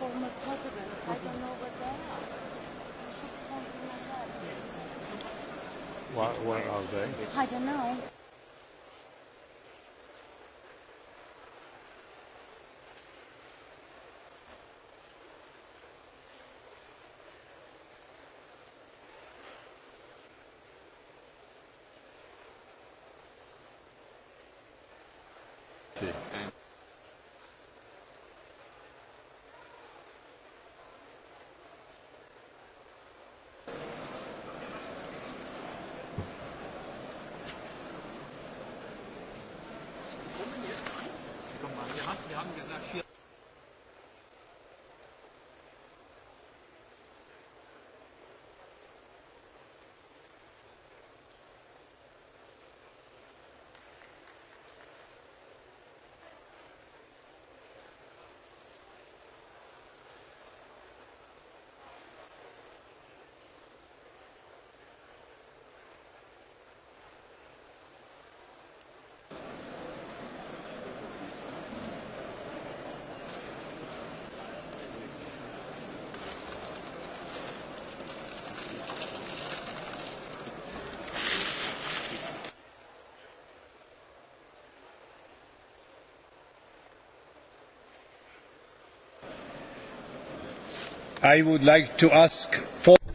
former president. I don't know where they are. I Where are they? I don't know.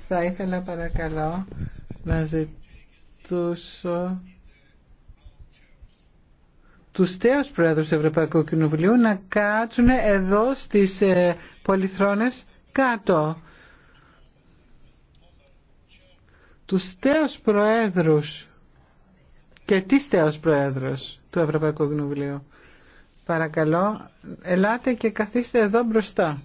Θα ήθελα παρακαλώ να ζητούσω τους τέος πρόεδρους του Ευρωπαϊκού Κοινοβουλίου να κάτσουν εδώ στις ε, πολυθρόνες κάτω. Τους τέος προέδρους και τι τέος πρόεδρος του Ευρωπαϊκού Κοινοβουλίου. Παρακαλώ, ελάτε και καθίστε εδώ μπροστά.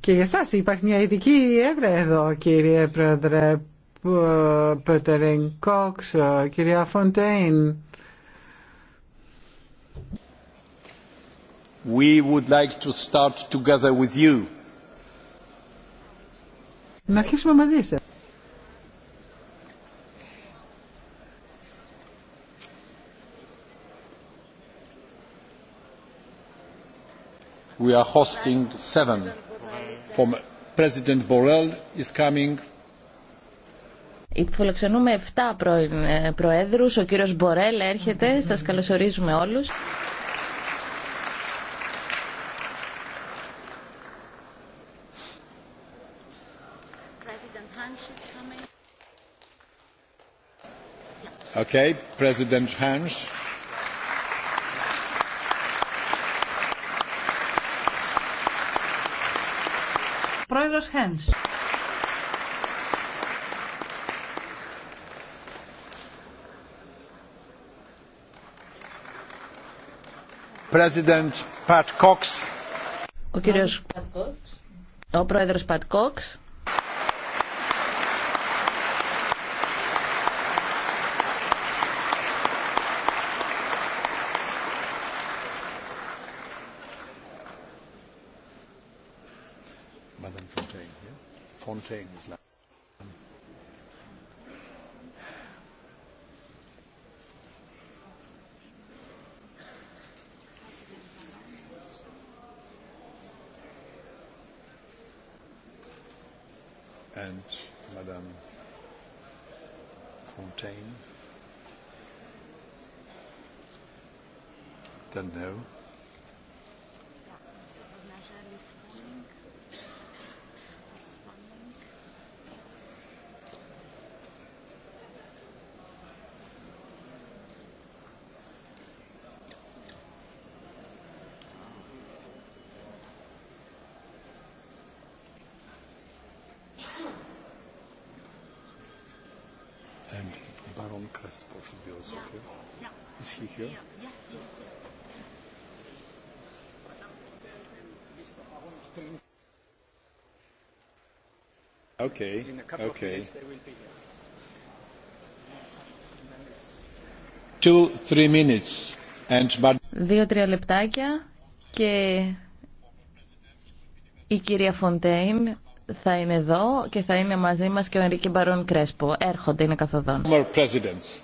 Και για εσάς υπάρχει μια ειδική έδρα εδώ, κύριε Πρόεδρε Πέτεριν Κόξ, κυρία Φοντέιν. We would like to start together with you. Να αρχίσουμε μαζί σας. we are hosting seven 7 πρώην προέδρους. Ο κύριος Μπορέλ έρχεται. Σας καλωσορίζουμε όλους. Okay, President Hans. κύριος Χένς. President Pat Cox. Ο κύριος Pat Cox. ο πρόεδρος Pat Cox. Okay. In a couple okay. of minutes they will be here. Two, three minutes. And... but... Δύο-τρία λεπτάκια και η κυρία Φοντέιν θα είναι εδώ και θα είναι μαζί μας και ο Ενρίκη Μπαρόν Κρέσπο. Έρχονται, είναι καθοδόν. presidents.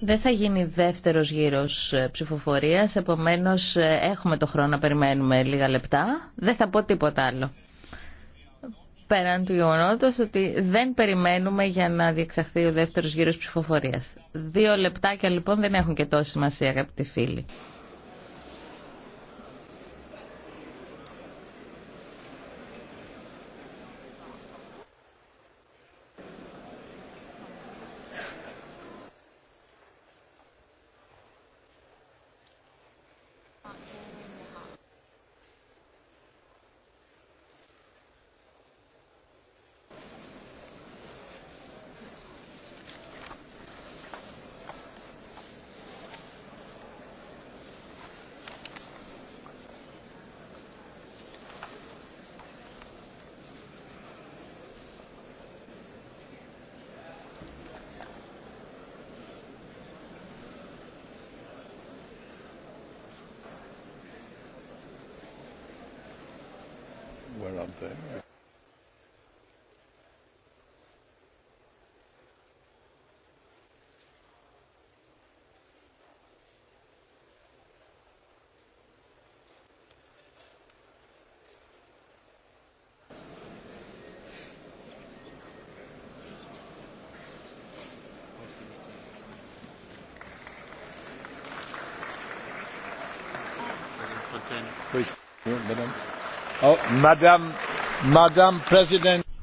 Δεν θα γίνει δεύτερος γύρος ε, ψηφοφορίας, επομένως ε, έχουμε το χρόνο να περιμένουμε λίγα λεπτά. Δεν θα πω τίποτα άλλο. Πέραν του γεγονότο ότι δεν περιμένουμε για να διεξαχθεί ο δεύτερος γύρος ψηφοφορίας. Δύο λεπτάκια λοιπόν δεν έχουν και τόση σημασία αγαπητοί φίλοι.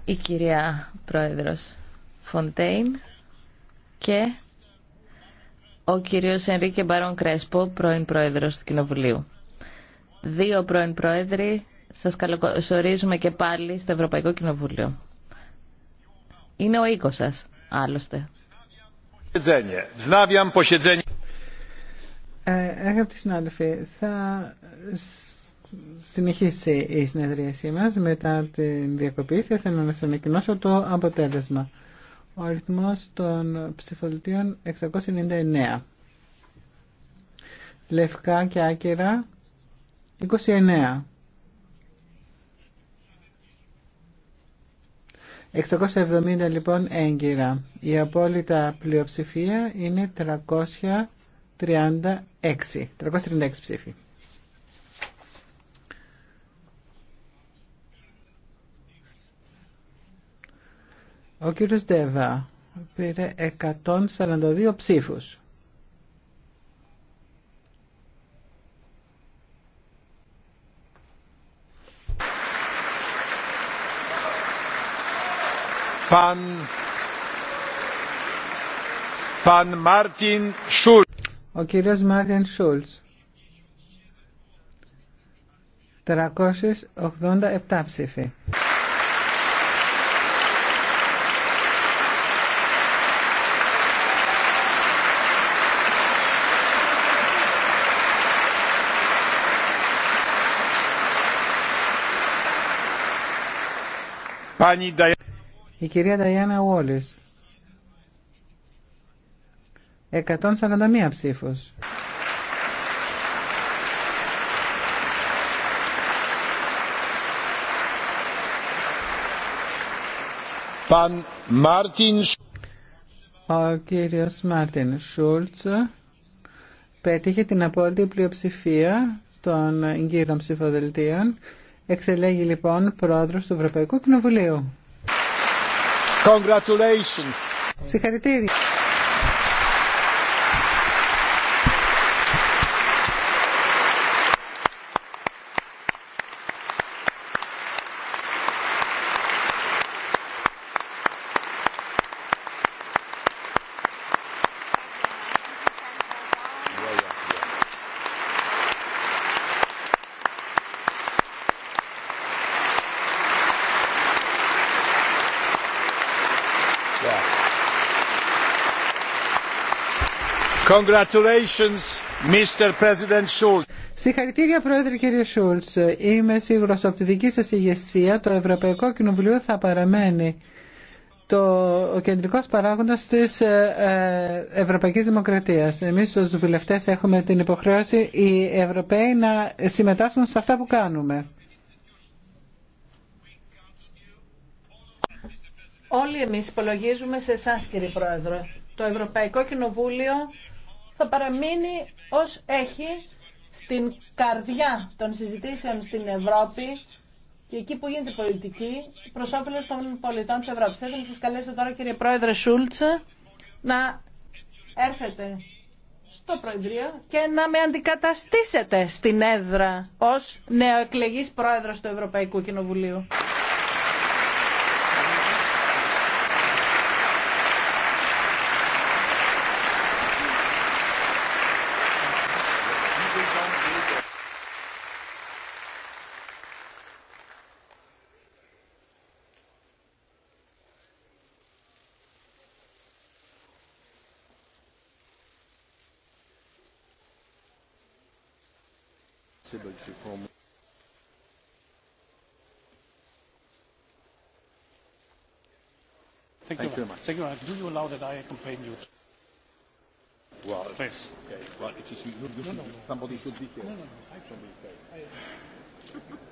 Η κυρία Πρόεδρος Φοντέιν και ο κύριος Ενρίκε Μπαρόν Κρέσπο, πρώην Πρόεδρος του Κοινοβουλίου. Δύο πρώην Πρόεδροι, σας καλωσορίζουμε και πάλι στο Ευρωπαϊκό Κοινοβούλιο. Είναι ο οίκος σας, άλλωστε. Ε, Αγαπητοί συνάδελφοι, θα συνεχίσει η συνεδρίασή μας μετά την διακοπή. Θα ήθελα να σας ανακοινώσω το αποτέλεσμα. Ο αριθμός των ψηφοδελτίων 699. Λευκά και άκυρα 29. 670 λοιπόν έγκυρα. Η απόλυτα πλειοψηφία είναι 330. 336. 336 ψήφοι. Ο κύριος Ντεβά πήρε 142 ψήφους. Pan, pan Martin ο κύριος Μάρτιν Σούλτς. 387 ψήφοι. Η κυρία Νταϊάννα Ούολης. 141 ψήφους. Pan Martin... Ο κύριος Μάρτιν Σούλτς πέτυχε την απόλυτη πλειοψηφία των γύρων ψηφοδελτίων. Εξελέγει λοιπόν πρόεδρος του Ευρωπαϊκού Κοινοβουλίου. Congratulations. Συγχαρητήρια. Συγχαρητήρια Πρόεδρε κύριε Σούλτς. Είμαι σίγουρος από τη δική σας ηγεσία το Ευρωπαϊκό Κοινοβουλίο θα παραμένει το, ο κεντρικός παράγοντας της ε, ε, Ευρωπαϊκής Δημοκρατίας. Εμείς ως βουλευτές έχουμε την υποχρέωση οι Ευρωπαίοι να συμμετάσχουν σε αυτά που κάνουμε. Όλοι εμείς υπολογίζουμε σε εσά κύριε Πρόεδρε. Το Ευρωπαϊκό Κοινοβούλιο θα παραμείνει ως έχει στην καρδιά των συζητήσεων στην Ευρώπη και εκεί που γίνεται πολιτική προ όφελο των πολιτών της Ευρώπης. Θα ήθελα να σας καλέσω τώρα κύριε Πρόεδρε Σούλτσε να έρθετε στο Προεδρείο και να με αντικαταστήσετε στην έδρα ως νεοεκλεγής Πρόεδρος του Ευρωπαϊκού Κοινοβουλίου. from Thank you very much. Thank you Do you allow that I accompany you? Well, please. Okay. Well, it is you, you no, should, no, no. somebody should be here. No, no, no. I should be here.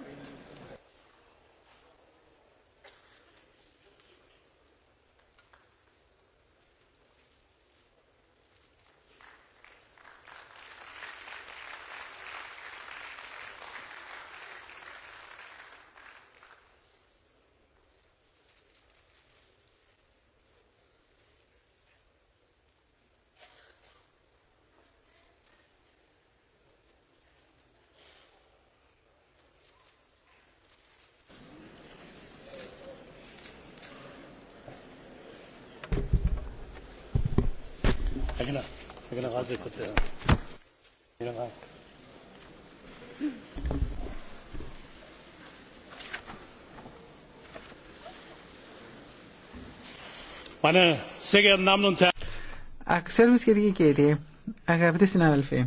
Αξιόλογες κυρίε και κύριοι, αγαπητοί συνάδελφοι,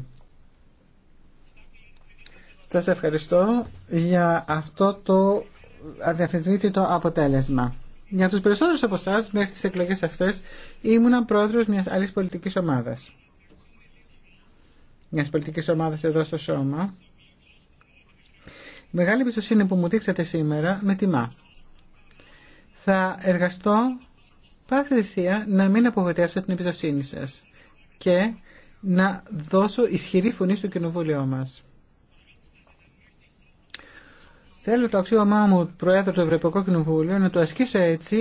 σα ευχαριστώ για αυτό το αδιαφεσβήτητο αποτέλεσμα. Για τους περισσότερους από εσά μέχρι τις εκλογές αυτές ήμουνα πρόεδρος μιας άλλης πολιτικής ομάδας. Μιας πολιτικής ομάδας εδώ στο σώμα. μεγάλη εμπιστοσύνη που μου δείξατε σήμερα με τιμά. Θα εργαστώ πάθη θεία να μην απογοητεύσω την εμπιστοσύνη σας και να δώσω ισχυρή φωνή στο κοινοβούλιο μας. Θέλω το αξίωμά μου Προέδρου του Ευρωπαϊκού Κοινοβουλίου να το ασκήσω έτσι,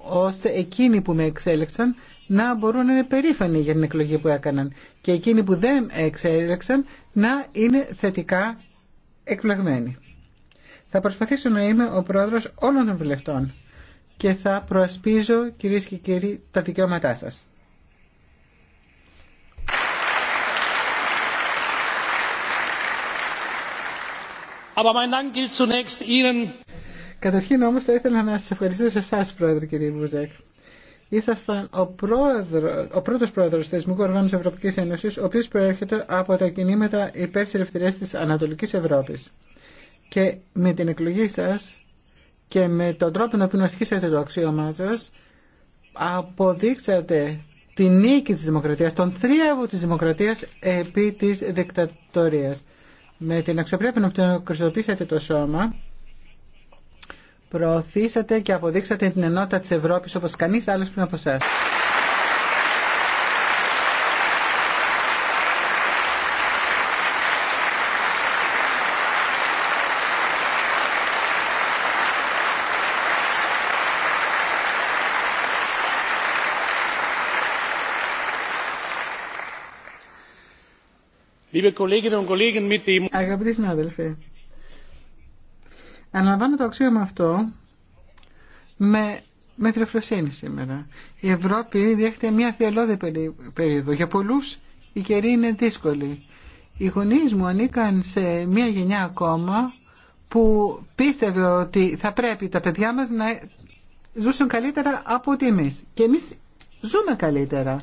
ώστε εκείνοι που με εξέλεξαν να μπορούν να είναι περήφανοι για την εκλογή που έκαναν και εκείνοι που δεν εξέλεξαν να είναι θετικά εκπλαγμένοι. Θα προσπαθήσω να είμαι ο πρόεδρος όλων των βουλευτών και θα προασπίζω κυρίες και κύριοι τα δικαιώματά σας. Καταρχήν όμω, θα ήθελα να σα ευχαριστήσω εσά, Πρόεδρε κύριε Μπουζέκ. Ήσασταν ο, πρόεδρο, ο πρώτος πρόεδρος του Θεσμικού Οργάνου της Ευρωπαϊκής Ένωσης, ο οποίο προέρχεται από τα κινήματα υπέρ τη ελευθερία τη Ανατολική Ευρώπη. Και με την εκλογή σα και με τον τρόπο με τον ασκήσατε το αξίωμά σα, αποδείξατε τη νίκη της δημοκρατίας, τον θρίαβο της δημοκρατίας επί της δικτατορίας με την αξιοπρέπεια να χρησιμοποιήσατε το σώμα, προωθήσατε και αποδείξατε την ενότητα της Ευρώπης όπως κανείς άλλος πριν από εσάς. Αγαπητοί συνάδελφοι, αναλαμβάνω το αξίωμα αυτό με μετροφροσύνη σήμερα. Η Ευρώπη διέχεται μια θελώδη περίοδο. Για πολλούς η καιρή είναι δύσκολη. Οι γονεί μου ανήκαν σε μια γενιά ακόμα που πίστευε ότι θα πρέπει τα παιδιά μας να ζούσουν καλύτερα από ότι εμείς. Και εμείς ζούμε καλύτερα.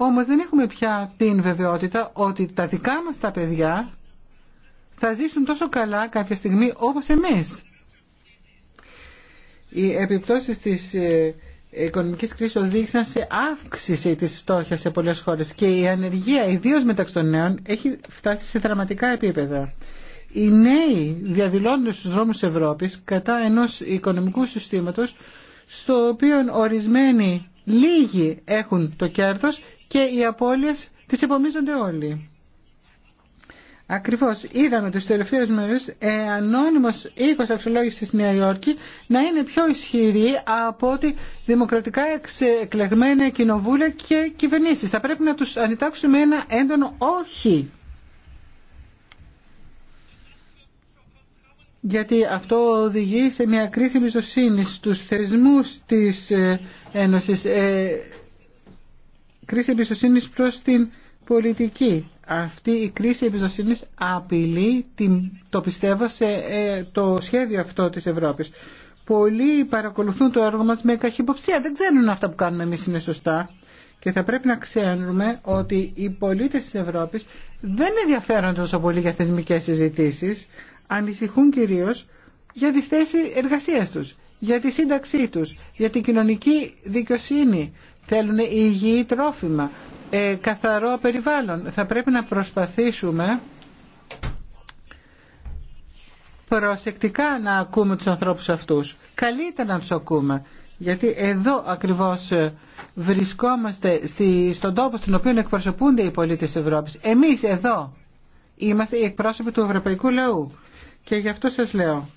Όμως δεν έχουμε πια την βεβαιότητα ότι τα δικά μας τα παιδιά θα ζήσουν τόσο καλά κάποια στιγμή όπως εμείς. Οι επιπτώσεις της ε, οικονομικής κρίσης οδήγησαν σε αύξηση της φτώχειας σε πολλές χώρες και η ανεργία, ιδίως μεταξύ των νέων, έχει φτάσει σε δραματικά επίπεδα. Οι νέοι διαδηλώνουν στους δρόμους Ευρώπης κατά ενός οικονομικού συστήματος στο οποίο ορισμένοι λίγοι έχουν το κέρδος και οι απώλειες τις επομίζονται όλοι. Ακριβώς είδαμε τους τελευταίους μέρες ε, ανώνυμος οίκος αξιολόγηση Νέα Υόρκη να είναι πιο ισχυρή από ότι δημοκρατικά εκλεγμένα κοινοβούλια και κυβερνήσεις. Θα πρέπει να τους ανητάξουμε ένα έντονο όχι. Γιατί αυτό οδηγεί σε μια κρίση εμπιστοσύνη στους θεσμούς της ε, Ένωσης. Ε, κρίση εμπιστοσύνη προς την πολιτική. Αυτή η κρίση εμπιστοσύνη απειλεί, το πιστεύω, σε ε, το σχέδιο αυτό της Ευρώπης. Πολλοί παρακολουθούν το έργο μας με καχυποψία. Δεν ξέρουν αυτά που κάνουμε εμεί είναι σωστά. Και θα πρέπει να ξέρουμε ότι οι πολίτε της Ευρώπης δεν ενδιαφέρονται τόσο πολύ για θεσμικέ συζητήσει, Ανησυχούν κυρίω για τη θέση εργασία του, για τη σύνταξή του, για την κοινωνική δικαιοσύνη, Θέλουν υγιή τρόφιμα, ε, καθαρό περιβάλλον. Θα πρέπει να προσπαθήσουμε προσεκτικά να ακούμε τους ανθρώπους αυτούς. Καλύτερα να τους ακούμε. Γιατί εδώ ακριβώς ε, βρισκόμαστε στη, στον τόπο στον οποίο εκπροσωπούνται οι πολίτες της Ευρώπης. Εμείς εδώ είμαστε οι εκπρόσωποι του ευρωπαϊκού λαού. Και γι' αυτό σας λέω,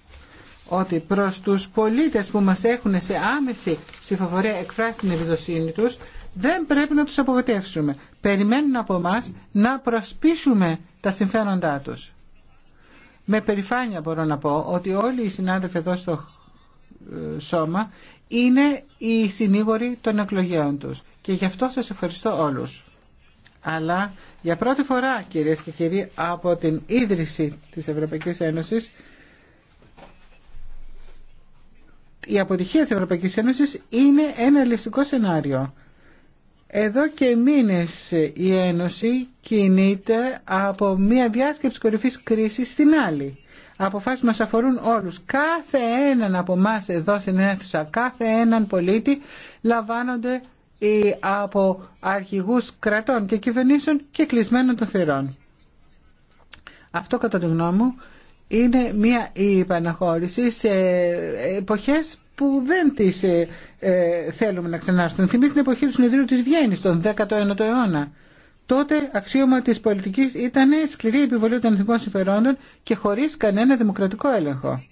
ότι προς τους πολίτες που μας έχουν σε άμεση ψηφοφορία εκφράσει την εμπιστοσύνη τους δεν πρέπει να τους απογοητεύσουμε. Περιμένουν από εμά να προσπίσουμε τα συμφέροντά τους. Με περηφάνεια μπορώ να πω ότι όλοι οι συνάδελφοι εδώ στο ε, σώμα είναι οι συνήγοροι των εκλογέων τους και γι' αυτό σας ευχαριστώ όλους. Αλλά για πρώτη φορά κυρίες και κύριοι από την ίδρυση της Ευρωπαϊκής Ένωσης η αποτυχία της Ευρωπαϊκής Ένωσης είναι ένα ληστικό σενάριο. Εδώ και μήνες η Ένωση κινείται από μια διάσκεψη κορυφής κρίσης στην άλλη. Αποφάσεις μας αφορούν όλους. Κάθε έναν από εμά εδώ στην αίθουσα, κάθε έναν πολίτη λαμβάνονται από αρχηγούς κρατών και κυβερνήσεων και κλεισμένων των θυρών. Αυτό κατά τη γνώμη μου είναι μια η σε εποχές που δεν τις ε, ε, θέλουμε να ξανάρθουν. Θυμίζει την εποχή του συνεδρίου της Βιέννης τον 19ο αιώνα. Τότε αξίωμα της πολιτικής ήταν σκληρή επιβολή των εθνικών συμφερόντων και χωρίς κανένα δημοκρατικό έλεγχο.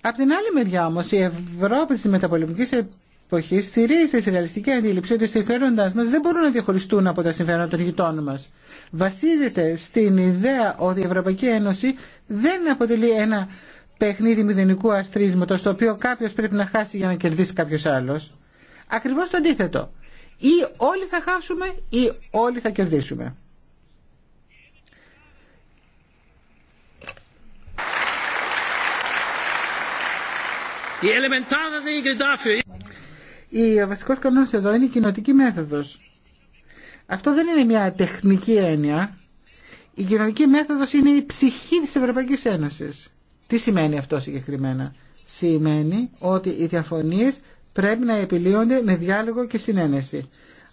Απ' την άλλη μεριά όμως η Ευρώπη της μεταπολεμικής εποχή στηρίζεται στη ρεαλιστική αντίληψη ότι οι συμφέροντά μα δεν μπορούν να διαχωριστούν από τα συμφέροντα των γειτόνων μα. Βασίζεται στην ιδέα ότι η Ευρωπαϊκή Ένωση δεν αποτελεί ένα παιχνίδι μηδενικού αστρίσματο το οποίο κάποιο πρέπει να χάσει για να κερδίσει κάποιο άλλο. Ακριβώ το αντίθετο. Ή όλοι θα χάσουμε ή όλοι θα κερδίσουμε. Ο βασικός κανόνας εδώ είναι η κοινωτική μέθοδος. Αυτό δεν είναι μια τεχνική έννοια. Η κοινωνική μέθοδος είναι η ψυχή της Ευρωπαϊκής Ένωσης. Τι σημαίνει αυτό συγκεκριμένα. Σημαίνει ότι οι διαφωνίες πρέπει να επιλύονται με διάλογο και συνένεση.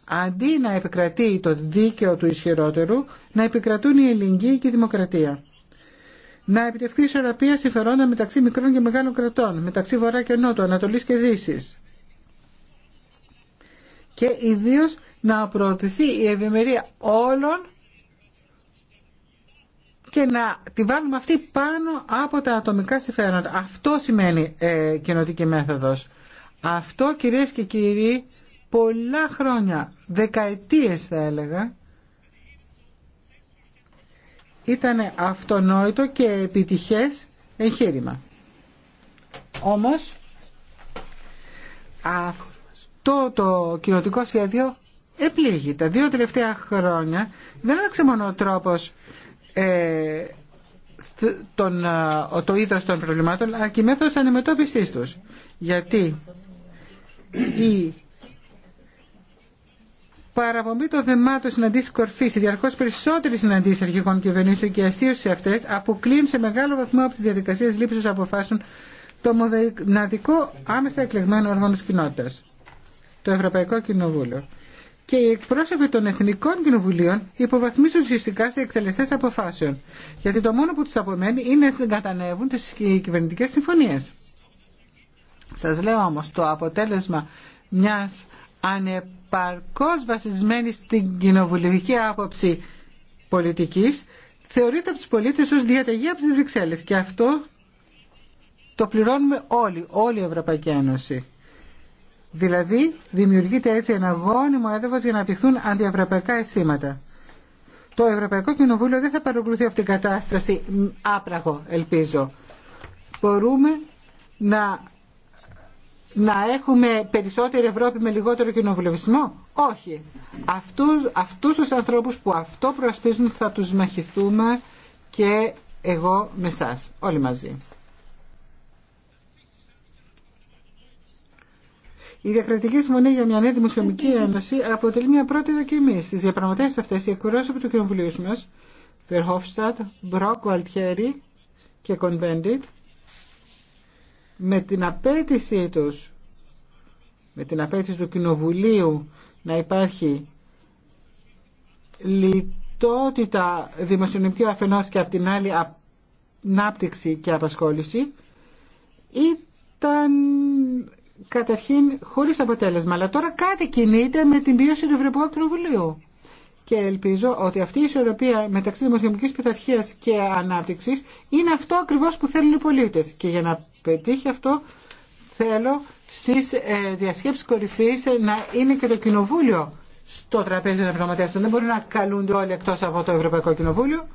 Αντί να επικρατεί το δίκαιο του ισχυρότερου, να επικρατούν η ελληνική και η δημοκρατία. Να επιτευχθεί ισορροπία συμφερόντων μεταξύ μικρών και μεγάλων κρατών, μεταξύ Βορρά και Νότου, Ανατολή και Δύση και ιδίως να προωθηθεί η ευημερία όλων και να τη βάλουμε αυτή πάνω από τα ατομικά συμφέροντα. Αυτό σημαίνει ε, κοινοτική μέθοδος. Αυτό κυρίες και κύριοι πολλά χρόνια, δεκαετίες θα έλεγα, ήταν αυτονόητο και επιτυχές εγχείρημα. Όμως, αυτό το κοινοτικό σχέδιο επλήγει. Τα δύο τελευταία χρόνια δεν άλλαξε μόνο ο τρόπος ε, ε το ίδρα των προβλημάτων, αλλά και η μέθοδος αντιμετώπισης τους. Γιατί η παραπομπή των θεμάτων συναντήσει κορφή και διαρκώ περισσότερη συναντήσει αρχικών κυβερνήσεων και αστείωση σε αυτέ αποκλείουν σε μεγάλο βαθμό από τι διαδικασίε λήψη αποφάσεων το μοναδικό άμεσα εκλεγμένο όργανο τη κοινότητα το Ευρωπαϊκό Κοινοβούλιο. Και οι εκπρόσωποι των Εθνικών Κοινοβουλίων υποβαθμίζουν ουσιαστικά σε εκτελεστέ αποφάσεων. Γιατί το μόνο που του απομένει είναι να συγκατανεύουν τι κυβερνητικέ συμφωνίε. Σα λέω όμω το αποτέλεσμα μια ανεπαρκώς βασισμένη στην κοινοβουλευτική άποψη πολιτικής θεωρείται από του πολίτε ω διαταγή από τι Βρυξέλλε. και αυτό το πληρώνουμε όλοι, όλη η Ευρωπαϊκή Ένωση. Δηλαδή δημιουργείται έτσι ένα γόνιμο έδαφος για να πηχθούν αντιευρωπαϊκά αισθήματα. Το Ευρωπαϊκό Κοινοβούλιο δεν θα παρακολουθεί αυτή την κατάσταση άπραγο, ελπίζω. Μπορούμε να, να έχουμε περισσότερη Ευρώπη με λιγότερο κοινοβουλευισμό. Όχι. Αυτούς, αυτούς τους ανθρώπους που αυτό προσπίζουν θα τους μαχηθούμε και εγώ με σας όλοι μαζί. Η διακρατική συμφωνία για μια νέα δημοσιονομική ένωση αποτελεί μια πρώτη δοκιμή. Στι διαπραγματεύσει αυτέ, οι εκπρόσωποι του κοινοβουλίου μα, Φερχόφστατ, Μπροκ, Γουαλτιέρη και Κονβέντιτ, με την απέτησή τους, με την απέτηση του Κοινοβουλίου να υπάρχει λιτότητα δημοσιονομική αφενός και από την άλλη ανάπτυξη και απασχόληση, ήταν καταρχήν χωρίς αποτέλεσμα. Αλλά τώρα κάτι κινείται με την πίεση του Ευρωπαϊκού Κοινοβουλίου. Και ελπίζω ότι αυτή η ισορροπία μεταξύ δημοσιονομικής πειθαρχία και ανάπτυξης είναι αυτό ακριβώς που θέλουν οι πολίτες. Και για να πετύχει αυτό θέλω στις ε, κορυφή κορυφής να είναι και το Κοινοβούλιο στο τραπέζι των πραγματεύσεων. Δεν μπορούν να καλούνται όλοι εκτό από το Ευρωπαϊκό Κοινοβούλιο.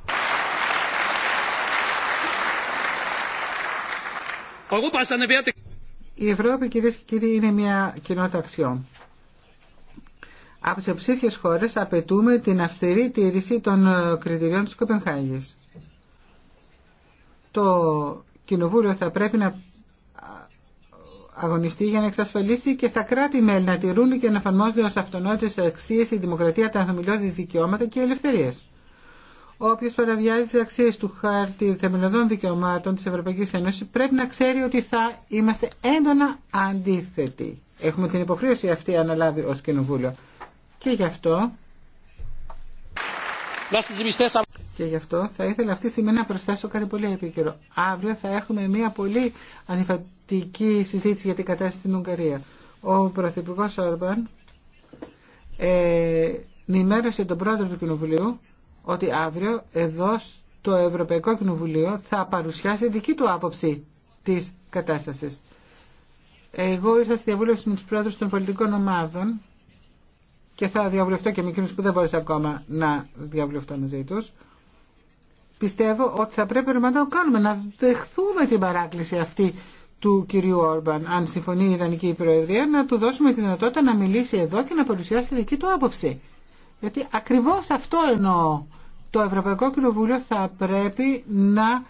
Η Ευρώπη, κυρίε και κύριοι, είναι μια κοινότητα αξιών. Από τι ψήφιε χώρε απαιτούμε την αυστηρή τήρηση των ε, κριτηριών τη Κοπενχάγη. Το Κοινοβούλιο θα πρέπει να αγωνιστεί για να εξασφαλίσει και στα κράτη-μέλη να τηρούν και να εφαρμόζονται ω αυτονόητε αξίε η δημοκρατία, τα θεμελιώδη δικαιώματα και οι ελευθερίε. Όποιο παραβιάζει τι αξίε του χάρτη θεμελιωδών δικαιωμάτων τη Ευρωπαϊκή Ένωση πρέπει να ξέρει ότι θα είμαστε έντονα αντίθετοι. Έχουμε την υποχρέωση αυτή αναλάβει ω Κοινοβούλιο. Και γι' αυτό. Και γι' αυτό θα ήθελα αυτή τη στιγμή να προσθέσω κάτι πολύ επίκαιρο. Αύριο θα έχουμε μια πολύ ανηφατική συζήτηση για την κατάσταση στην Ουγγαρία. Ο Πρωθυπουργό Όρμπαν ε, ενημέρωσε τον πρόεδρο του Κοινοβουλίου ότι αύριο εδώ στο Ευρωπαϊκό Κοινοβουλίο θα παρουσιάσει δική του άποψη της κατάστασης. Εγώ ήρθα στη διαβούλευση με τους πρόεδρους των πολιτικών ομάδων και θα διαβουλευτώ και με εκείνους που δεν μπορούσα ακόμα να διαβουλευτώ μαζί τους. Πιστεύω ότι θα πρέπει να το κάνουμε, να δεχθούμε την παράκληση αυτή του κυρίου Όρμπαν, αν συμφωνεί η Ιδανική Προεδρία, να του δώσουμε τη δυνατότητα να μιλήσει εδώ και να παρουσιάσει τη δική του άποψη. Γιατί ακριβώς αυτό εννοώ. Το Ευρωπαϊκό Κοινοβούλιο θα πρέπει να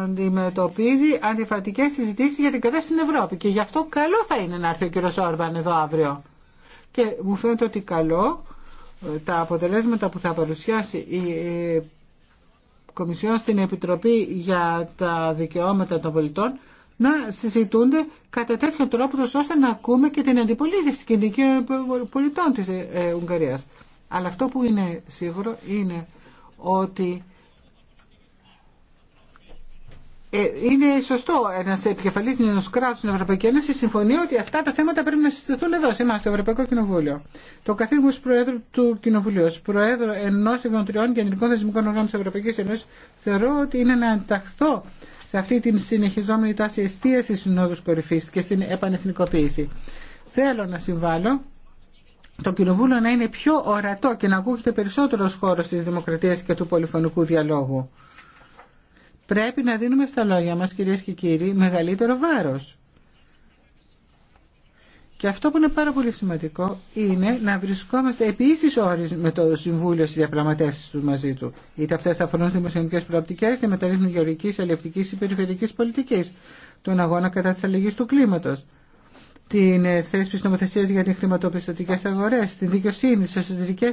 αντιμετωπίζει αντιφατικές συζητήσεις για την κατάσταση στην Ευρώπη. Και γι' αυτό καλό θα είναι να έρθει ο κύριος Όρμπαν εδώ αύριο. Και μου φαίνεται ότι καλό ε, τα αποτελέσματα που θα παρουσιάσει η ε, Κομισιόν στην Επιτροπή για τα Δικαιώματα των Πολιτών να συζητούνται κατά τέτοιο τρόπο ώστε να ακούμε και την αντιπολίτευση κοινωνικών πολιτών της ε, ε, Ουγγαρίας. Αλλά αυτό που είναι σίγουρο είναι ότι ε, είναι σωστό ένα επικεφαλή ενό κράτου στην Ευρωπαϊκή Ένωση συμφωνεί ότι αυτά τα θέματα πρέπει να συζητηθούν εδώ, σε εμά, στο Ευρωπαϊκό Κοινοβούλιο. Το καθήκον του Προέδρου του Κοινοβουλίου, ω Προέδρο ενό των και κεντρικών θεσμικών οργάνων τη Ευρωπαϊκή Ένωση, θεωρώ ότι είναι να ενταχθώ σε αυτή την συνεχιζόμενη τάση στις συνόδους κορυφής και στην επανεθνικοποίηση. Θέλω να συμβάλλω το Κοινοβούλιο να είναι πιο ορατό και να ακούγεται περισσότερο χώρος της δημοκρατίας και του πολυφωνικού διαλόγου. Πρέπει να δίνουμε στα λόγια μας, κυρίες και κύριοι, μεγαλύτερο βάρος. Και αυτό που είναι πάρα πολύ σημαντικό είναι να βρισκόμαστε επίση όρει με το Συμβούλιο στι διαπραγματεύσει του μαζί του. Είτε αυτέ αφορούν τι δημοσιονομικέ προοπτικέ, είτε μεταρρύθμιση γεωργική, αλληλευτική ή περιφερειακή πολιτική, τον αγώνα κατά τη αλλαγή του κλίματο, την ε, θέσπιση νομοθεσία για τι χρηματοπιστωτικέ αγορέ, την δικαιοσύνη, τι εσωτερικέ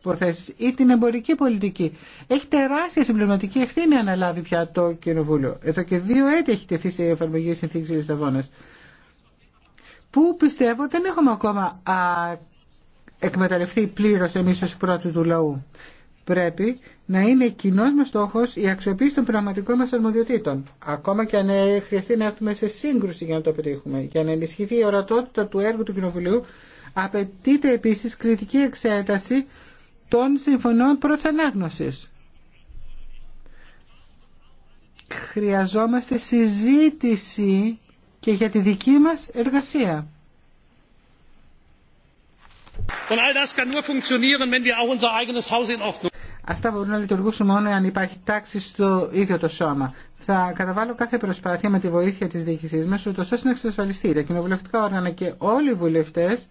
υποθέσει ή την εμπορική πολιτική. Έχει τεράστια συμπληρωματική ευθύνη αναλάβει πια το Κοινοβούλιο. Εδώ και δύο έτη έχει τεθεί σε εφαρμογή συνθήκη Λισαβόνα που πιστεύω δεν έχουμε ακόμα α, εκμεταλλευτεί πλήρως εμείς ως πρώτου του λαού. Πρέπει να είναι κοινό μα στόχο η αξιοποίηση των πραγματικών μα αρμοδιοτήτων. Ακόμα και αν χρειαστεί να έρθουμε σε σύγκρουση για να το πετύχουμε. Για να ενισχυθεί η ορατότητα του έργου του Κοινοβουλίου, απαιτείται επίση κριτική εξέταση των συμφωνών πρώτη ανάγνωση. Χρειαζόμαστε συζήτηση και για τη δική μας εργασία. Αυτά μπορούν να λειτουργήσουν μόνο αν υπάρχει τάξη στο ίδιο το σώμα. Θα καταβάλω κάθε προσπάθεια με τη βοήθεια της διοίκησής μας, ούτως ώστε να εξασφαλιστεί τα κοινοβουλευτικά όργανα και όλοι οι βουλευτές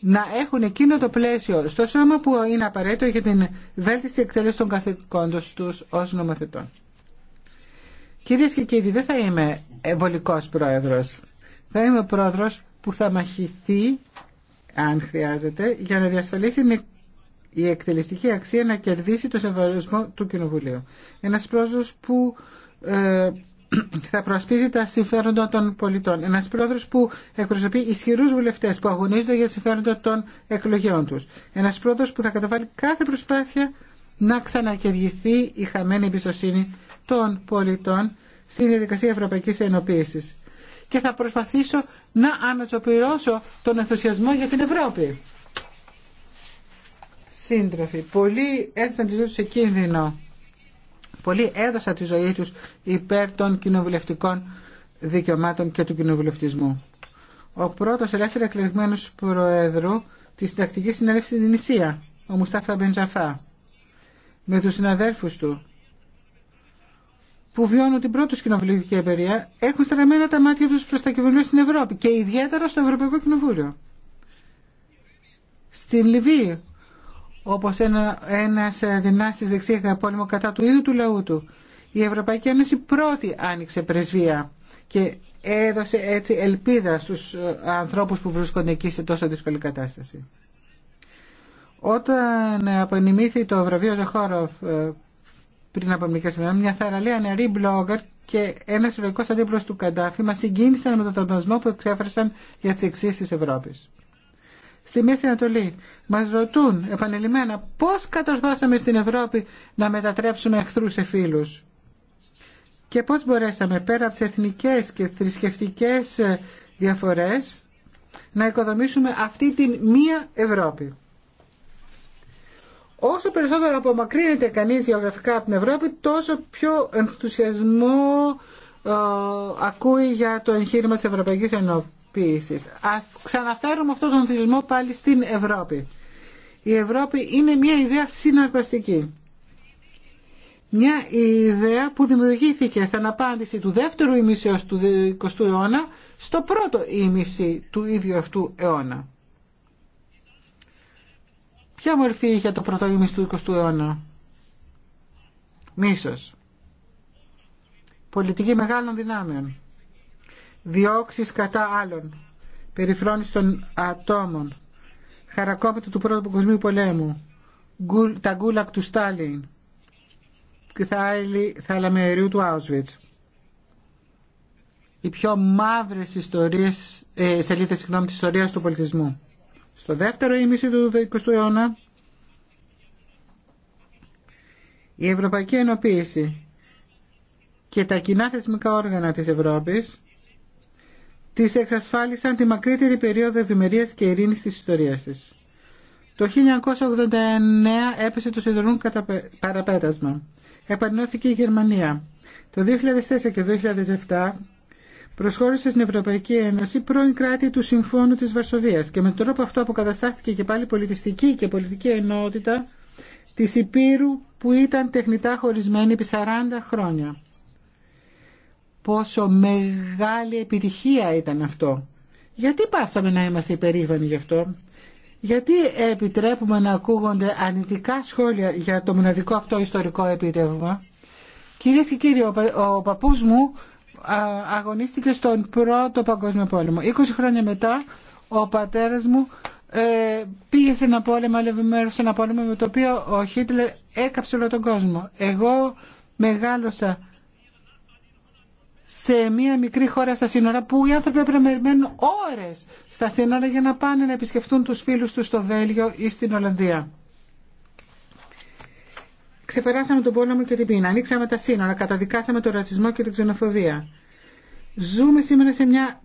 να έχουν εκείνο το πλαίσιο στο σώμα που είναι απαραίτητο για την βέλτιστη εκτέλεση των καθηκόντων τους ως νομοθετών. Κυρίε και κύριοι, δεν θα είμαι εμβολικό πρόεδρος. Θα είμαι ο πρόεδρος που θα μαχηθεί, αν χρειάζεται, για να διασφαλίσει η εκτελεστική αξία να κερδίσει το σεβασμό του Κοινοβουλίου. Ένας πρόεδρος που ε, θα προσπίζει τα συμφέροντα των πολιτών. Ένας πρόεδρος που εκπροσωπεί ισχυρούς βουλευτέ που αγωνίζονται για τα συμφέροντα των εκλογέων του. Ένα πρόεδρος που θα καταβάλει κάθε προσπάθεια να ξανακεργηθεί η χαμένη εμπιστοσύνη των πολιτών στην διαδικασία Ευρωπαϊκής Ενοποίησης. Και θα προσπαθήσω να αναζωπηρώσω τον ενθουσιασμό για την Ευρώπη. Σύντροφοι, πολλοί έθεσαν τη ζωή τους σε κίνδυνο. Πολλοί έδωσαν τη ζωή τους υπέρ των κοινοβουλευτικών δικαιωμάτων και του κοινοβουλευτισμού. Ο πρώτος ελεύθερα εκλεγμένος προέδρου της συντακτικής συνέλευσης στην Ισία, ο Μουστάφα Μπεντζαφά, με τους συναδέλφους του, που βιώνουν την πρώτη κοινοβουλευτική εμπειρία έχουν στραμμένα τα μάτια τους προς τα κοινοβουλία στην Ευρώπη και ιδιαίτερα στο Ευρωπαϊκό Κοινοβούλιο. Στην Λιβύη, όπως ένα, ένας ε, δυνάστης δεξίχα πόλεμο κατά του ίδιου του λαού του, η Ευρωπαϊκή Ένωση πρώτη άνοιξε πρεσβεία και έδωσε έτσι ελπίδα στους ε, ανθρώπους που βρίσκονται εκεί σε τόσο δύσκολη κατάσταση. Όταν ε, απονημήθη το βραβείο Ζεχόροφ πριν από μερικέ μέρε, μια θαραλέα νεαρή blogger και ένα συλλογικό αντίπλο του Καντάφη μα συγκίνησαν με τον θαυμασμό που εξέφρασαν για τι εξή τη Ευρώπη. Στη Μέση Ανατολή μα ρωτούν επανειλημμένα πώ κατορθώσαμε στην Ευρώπη να μετατρέψουμε εχθρού σε φίλου. Και πώς μπορέσαμε πέρα από τις εθνικές και θρησκευτικές ε, διαφορές να οικοδομήσουμε αυτή την μία Ευρώπη. Όσο περισσότερο απομακρύνεται κανείς γεωγραφικά από την Ευρώπη, τόσο πιο ενθουσιασμό ε, ακούει για το εγχείρημα της Ευρωπαϊκής Ενοποίησης. Ας ξαναφέρουμε αυτόν τον ενθουσιασμό πάλι στην Ευρώπη. Η Ευρώπη είναι μια ιδέα συναρπαστική. Μια ιδέα που δημιουργήθηκε σαν απάντηση του δεύτερου ημισεως του 20ου αιώνα στο πρώτο ημισή του ίδιου αυτού αιώνα. Ποια μορφή είχε το πρώτο του 20ου αιώνα. Μίσος. Πολιτική μεγάλων δυνάμεων. Διώξεις κατά άλλων. Περιφρόνηση των ατόμων. Χαρακόπητο του πρώτου παγκοσμίου πολέμου. Τα γκούλακ του Στάλιν. Και Θαλαμεριού του Άουσβιτς. Οι πιο μαύρες ιστορίες, ε, σελίδες συγγνώμη, της ιστορίας του πολιτισμού. Στο δεύτερο ήμιση του 20ου αιώνα η Ευρωπαϊκή Ενοποίηση και τα κοινά θεσμικά όργανα της Ευρώπης της εξασφάλισαν τη μακρύτερη περίοδο ευημερίας και ειρήνης της ιστορίας της. Το 1989 έπεσε το Σιδηρούν παραπέτασμα. Επανώθηκε η Γερμανία. Το 2004 και το 2007 προσχώρησε στην Ευρωπαϊκή Ένωση πρώην κράτη του Συμφώνου της Βαρσοβίας και με τον τρόπο αυτό αποκαταστάθηκε και πάλι πολιτιστική και πολιτική ενότητα της Υπήρου που ήταν τεχνητά χωρισμένη επί 40 χρόνια. Πόσο μεγάλη επιτυχία ήταν αυτό. Γιατί πάσαμε να είμαστε υπερήφανοι γι' αυτό. Γιατί επιτρέπουμε να ακούγονται αρνητικά σχόλια για το μοναδικό αυτό ιστορικό επίτευγμα. Κυρίες και κύριοι, ο παππούς μου αγωνίστηκε στον πρώτο παγκόσμιο πόλεμο. 20 χρόνια μετά ο πατέρας μου ε, πήγε σε ένα πόλεμο, άλλο σε ένα πόλεμο με το οποίο ο Χίτλερ έκαψε όλο τον κόσμο. Εγώ μεγάλωσα σε μια μικρή χώρα στα σύνορα που οι άνθρωποι έπρεπε να περιμένουν ώρες στα σύνορα για να πάνε να επισκεφτούν τους φίλους τους στο Βέλγιο ή στην Ολλανδία. Ξεπεράσαμε τον πόλεμο και την πείνα, ανοίξαμε τα σύνορα, καταδικάσαμε τον ρατσισμό και την ξενοφοβία. Ζούμε σήμερα σε μια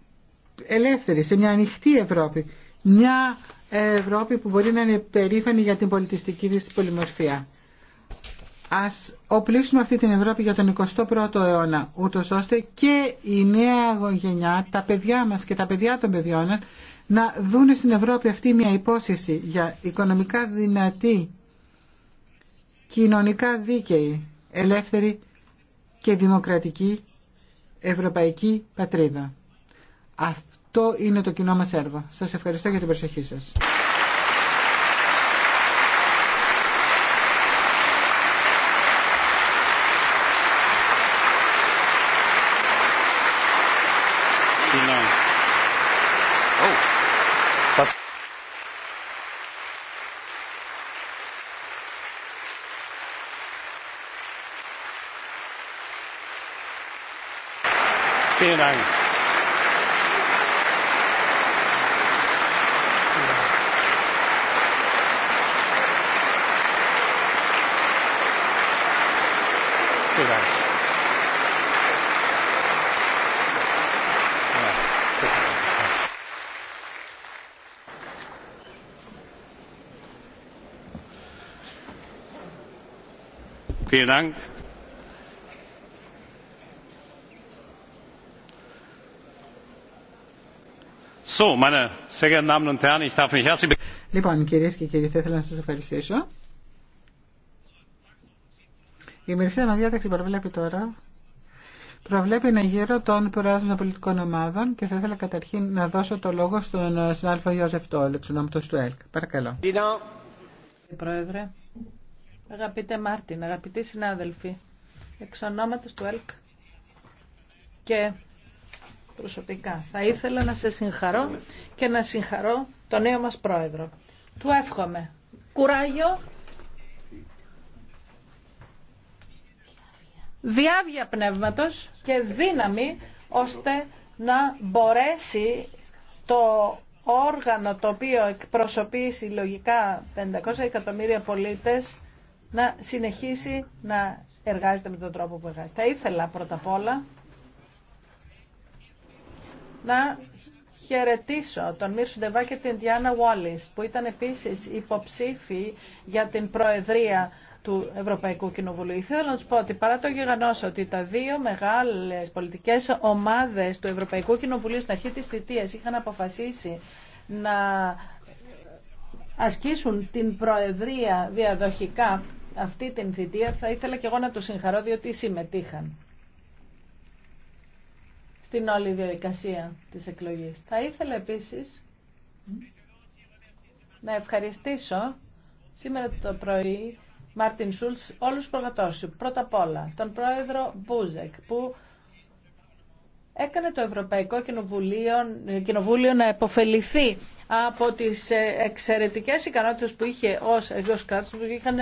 ελεύθερη, σε μια ανοιχτή Ευρώπη. Μια Ευρώπη που μπορεί να είναι περήφανη για την πολιτιστική της πολυμορφία. Ας οπλίσουμε αυτή την Ευρώπη για τον 21ο αιώνα, ούτω ώστε και η νέα γενιά, τα παιδιά μας και τα παιδιά των παιδιών, να δούνε στην Ευρώπη αυτή μια υπόσχεση για οικονομικά δυνατή κοινωνικά δίκαιη, ελεύθερη και δημοκρατική ευρωπαϊκή πατρίδα. Αυτό είναι το κοινό μας έργο. Σας ευχαριστώ για την προσοχή σας. Vielen Dank. Vielen Dank. Vielen Dank. Λοιπόν, κυρίε και κύριοι, θα ήθελα να σα ευχαριστήσω. Η ημερησία αναδιάταξη προβλέπει τώρα. Προβλέπει ένα γύρο των προέδρων των πολιτικών ομάδων και θα ήθελα καταρχήν να δώσω το λόγο στον ε, συνάδελφο Ιωζεφ Τόλεξ, ονόματο του ΕΛΚ. Παρακαλώ. Πρόεδρε, αγαπητέ Μάρτιν, αγαπητοί συνάδελφοι, εξ ονόματος του ΕΛΚ και προσωπικά. Θα ήθελα να σε συγχαρώ και να συγχαρώ τον νέο μας πρόεδρο. Του εύχομαι. Κουράγιο. Διάβια πνεύματος και δύναμη ώστε να μπορέσει το όργανο το οποίο εκπροσωπεί συλλογικά 500 εκατομμύρια πολίτες να συνεχίσει να εργάζεται με τον τρόπο που εργάζεται. Θα ήθελα πρώτα απ' όλα να χαιρετήσω τον Μύρ Σουντεβά και την Διάννα Βόλις που ήταν επίσης υποψήφοι για την Προεδρία του Ευρωπαϊκού Κοινοβουλίου. Θέλω να του πω ότι παρά το γεγονό ότι τα δύο μεγάλε πολιτικέ ομάδε του Ευρωπαϊκού Κοινοβουλίου στην αρχή τη θητεία είχαν αποφασίσει να ασκήσουν την Προεδρία διαδοχικά αυτή την θητεία, θα ήθελα και εγώ να του συγχαρώ διότι συμμετείχαν στην όλη διαδικασία της εκλογής. Θα ήθελα επίσης να ευχαριστήσω σήμερα το πρωί Μάρτιν Σούλτς όλους τους Πρώτα απ' όλα τον πρόεδρο Μπούζεκ που έκανε το Ευρωπαϊκό Κοινοβουλίο, να επωφεληθεί από τις εξαιρετικές ικανότητες που είχε ως εργός κράτους, που είχαν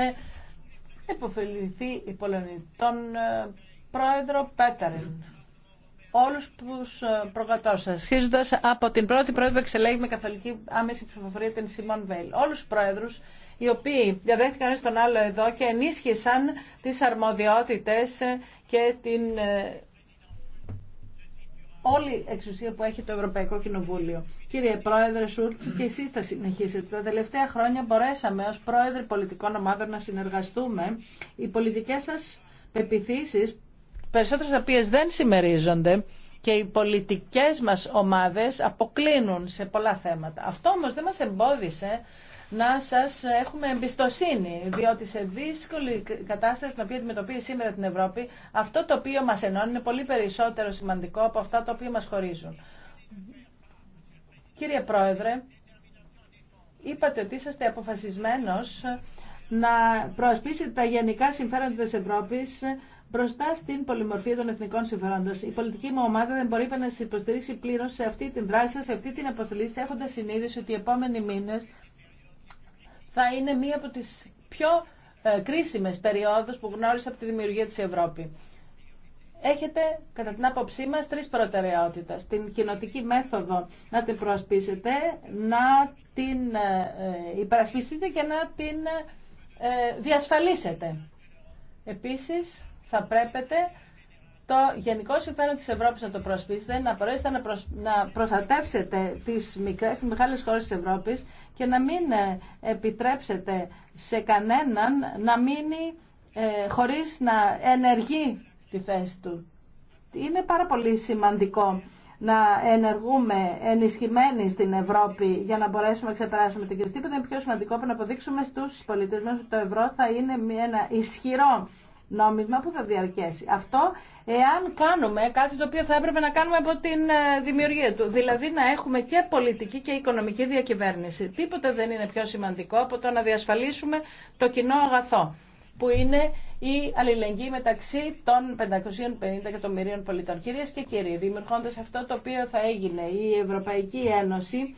επωφεληθεί οι Πολωνοί. Τον ε, πρόεδρο Πέτερν όλους τους ε, σα, σχίζοντα από την πρώτη πρόεδρο εξελέγει με καθολική άμεση ψηφοφορία την Σιμών Βέιλ. Όλου τους πρόεδρους οι οποίοι διαδέχτηκαν ένα άλλο εδώ και ενίσχυσαν τι αρμοδιότητε και την ε, όλη εξουσία που έχει το Ευρωπαϊκό Κοινοβούλιο. Κύριε Πρόεδρε Σούλτ, και εσεί θα συνεχίσετε. Τα τελευταία χρόνια μπορέσαμε ω Πρόεδροι πολιτικών ομάδων να συνεργαστούμε. Οι πολιτικέ σα πεπιθήσεις περισσότερες οποίε δεν συμμερίζονται και οι πολιτικές μας ομάδες αποκλίνουν σε πολλά θέματα. Αυτό όμως δεν μας εμπόδισε να σας έχουμε εμπιστοσύνη, διότι σε δύσκολη κατάσταση την οποία αντιμετωπίζει σήμερα την Ευρώπη, αυτό το οποίο μας ενώνει είναι πολύ περισσότερο σημαντικό από αυτά τα οποία μας χωρίζουν. Κύριε Πρόεδρε, είπατε ότι είσαστε αποφασισμένος να προασπίσετε τα γενικά συμφέροντα της Ευρώπης Μπροστά στην πολυμορφία των εθνικών συμφερόντων, η πολιτική μου ομάδα δεν μπορεί να σα υποστηρίξει πλήρω σε αυτή την δράση, σε αυτή την αποστολή, έχοντα συνείδηση ότι οι επόμενοι μήνε θα είναι μία από τι πιο ε, κρίσιμε περιόδου που γνώρισα από τη δημιουργία τη Ευρώπη. Έχετε, κατά την άποψή μα τρει προτεραιότητε. Την κοινοτική μέθοδο να την προασπίσετε, να την ε, ε, υπερασπιστείτε και να την διασφαλίσετε. Επίσης, θα πρέπει το γενικό συμφέρον της Ευρώπης να το προσπίσετε, να μπορέσετε να, προσ... να προστατεύσετε τις μικρές, τις μεγάλες χώρες της Ευρώπης και να μην ε, επιτρέψετε σε κανέναν να μείνει ε, χωρίς να ενεργεί στη θέση του. Είναι πάρα πολύ σημαντικό να ενεργούμε ενισχυμένοι στην Ευρώπη για να μπορέσουμε να ξεπεράσουμε την κρίση. Τίποτα είναι πιο σημαντικό που να αποδείξουμε στους πολίτες μας ότι το ευρώ θα είναι ένα ισχυρό νόμισμα που θα διαρκέσει. Αυτό εάν κάνουμε κάτι το οποίο θα έπρεπε να κάνουμε από την ε, δημιουργία του. Δηλαδή να έχουμε και πολιτική και οικονομική διακυβέρνηση. Τίποτε δεν είναι πιο σημαντικό από το να διασφαλίσουμε το κοινό αγαθό που είναι η αλληλεγγύη μεταξύ των 550 εκατομμυρίων πολιτών. Κυρίες και κύριοι, δημιουργώντας αυτό το οποίο θα έγινε η Ευρωπαϊκή Ένωση,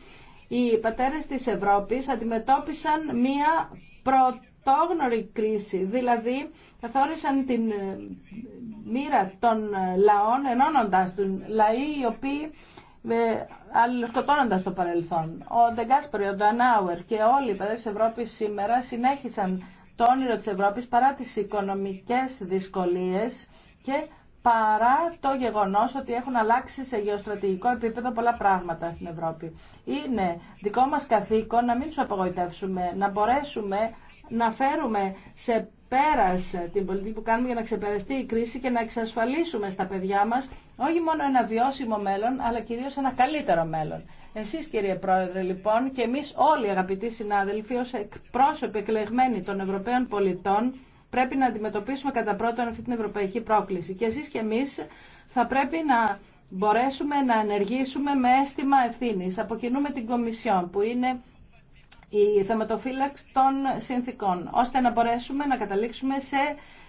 οι πατέρες της Ευρώπης αντιμετώπισαν μία πρωτοβουλία όγνωρη κρίση, δηλαδή καθόρισαν την ε, μοίρα των ε, λαών, ενώνοντας τους λαοί οι οποίοι ε, αλληλοσκοτώνοντας το παρελθόν. Ο Ντεγκάσπρο, ο Ντανάουερ και όλοι οι παιδές της Ευρώπης σήμερα συνέχισαν το όνειρο της Ευρώπης παρά τις οικονομικές δυσκολίες και παρά το γεγονός ότι έχουν αλλάξει σε γεωστρατηγικό επίπεδο πολλά πράγματα στην Ευρώπη. Είναι δικό μας καθήκον να μην τους απογοητεύσουμε, να μπορέσουμε να φέρουμε σε πέρας την πολιτική που κάνουμε για να ξεπεραστεί η κρίση και να εξασφαλίσουμε στα παιδιά μας όχι μόνο ένα βιώσιμο μέλλον, αλλά κυρίως ένα καλύτερο μέλλον. Εσείς κύριε Πρόεδρε λοιπόν και εμείς όλοι αγαπητοί συνάδελφοι ως εκπρόσωποι εκλεγμένοι των Ευρωπαίων πολιτών πρέπει να αντιμετωπίσουμε κατά πρώτον αυτή την ευρωπαϊκή πρόκληση. Και εσείς και εμείς θα πρέπει να μπορέσουμε να ενεργήσουμε με αίσθημα ευθύνης. Αποκινούμε την Κομισιόν που είναι η θεματοφύλαξη των συνθήκων, ώστε να μπορέσουμε να καταλήξουμε σε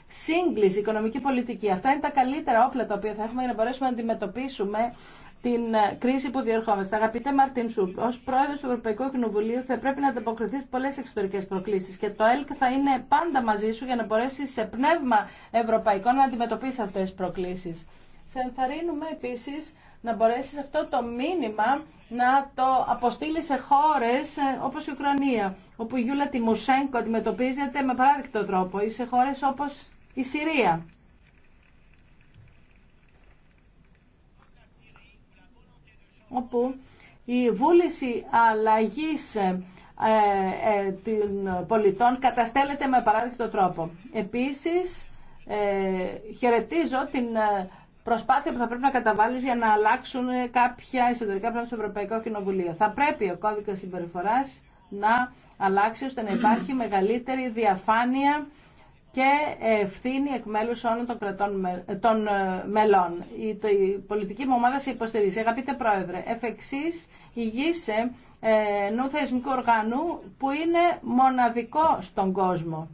σύγκληση οικονομική πολιτική. Αυτά είναι τα καλύτερα όπλα τα οποία θα έχουμε για να μπορέσουμε να αντιμετωπίσουμε την ε, κρίση που διερχόμαστε. Αγαπητέ Μαρτίν Σούρπ, ω πρόεδρο του Ευρωπαϊκού Κοινοβουλίου θα πρέπει να ανταποκριθεί σε πολλέ εξωτερικέ προκλήσει και το ΕΛΚ θα είναι πάντα μαζί σου για να μπορέσει σε πνεύμα ευρωπαϊκό να αντιμετωπίσει αυτέ τι προκλήσει. Σε ενθαρρύνουμε επίση να μπορέσει αυτό το μήνυμα να το αποστείλει σε χώρε ε, όπως η Ουκρανία, όπου η Γιούλα Τιμουσέγκο αντιμετωπίζεται με παράδεικτο τρόπο, ή σε χώρες όπως η σε χώρε όπου η βούληση αλλαγής ε, ε, των πολιτών καταστέλλεται με παράδειγμα τρόπο. Επίσης, χαιρετίζω την προσπάθεια που θα πρέπει να καταβάλεις για να αλλάξουν κάποια εσωτερικά πράγματα στο Ευρωπαϊκό Κοινοβουλίο. Θα πρέπει ο κώδικας συμπεριφοράς να αλλάξει ώστε να υπάρχει μεγαλύτερη διαφάνεια και ευθύνη εκ μέλου όλων των κρατών των ε, μελών. Η, το, η πολιτική μου ομάδα σε υποστηρίζει. Αγαπητέ Πρόεδρε, εφ' εξή ηγείσαι ε, νου θεσμικού οργάνου που είναι μοναδικό στον κόσμο.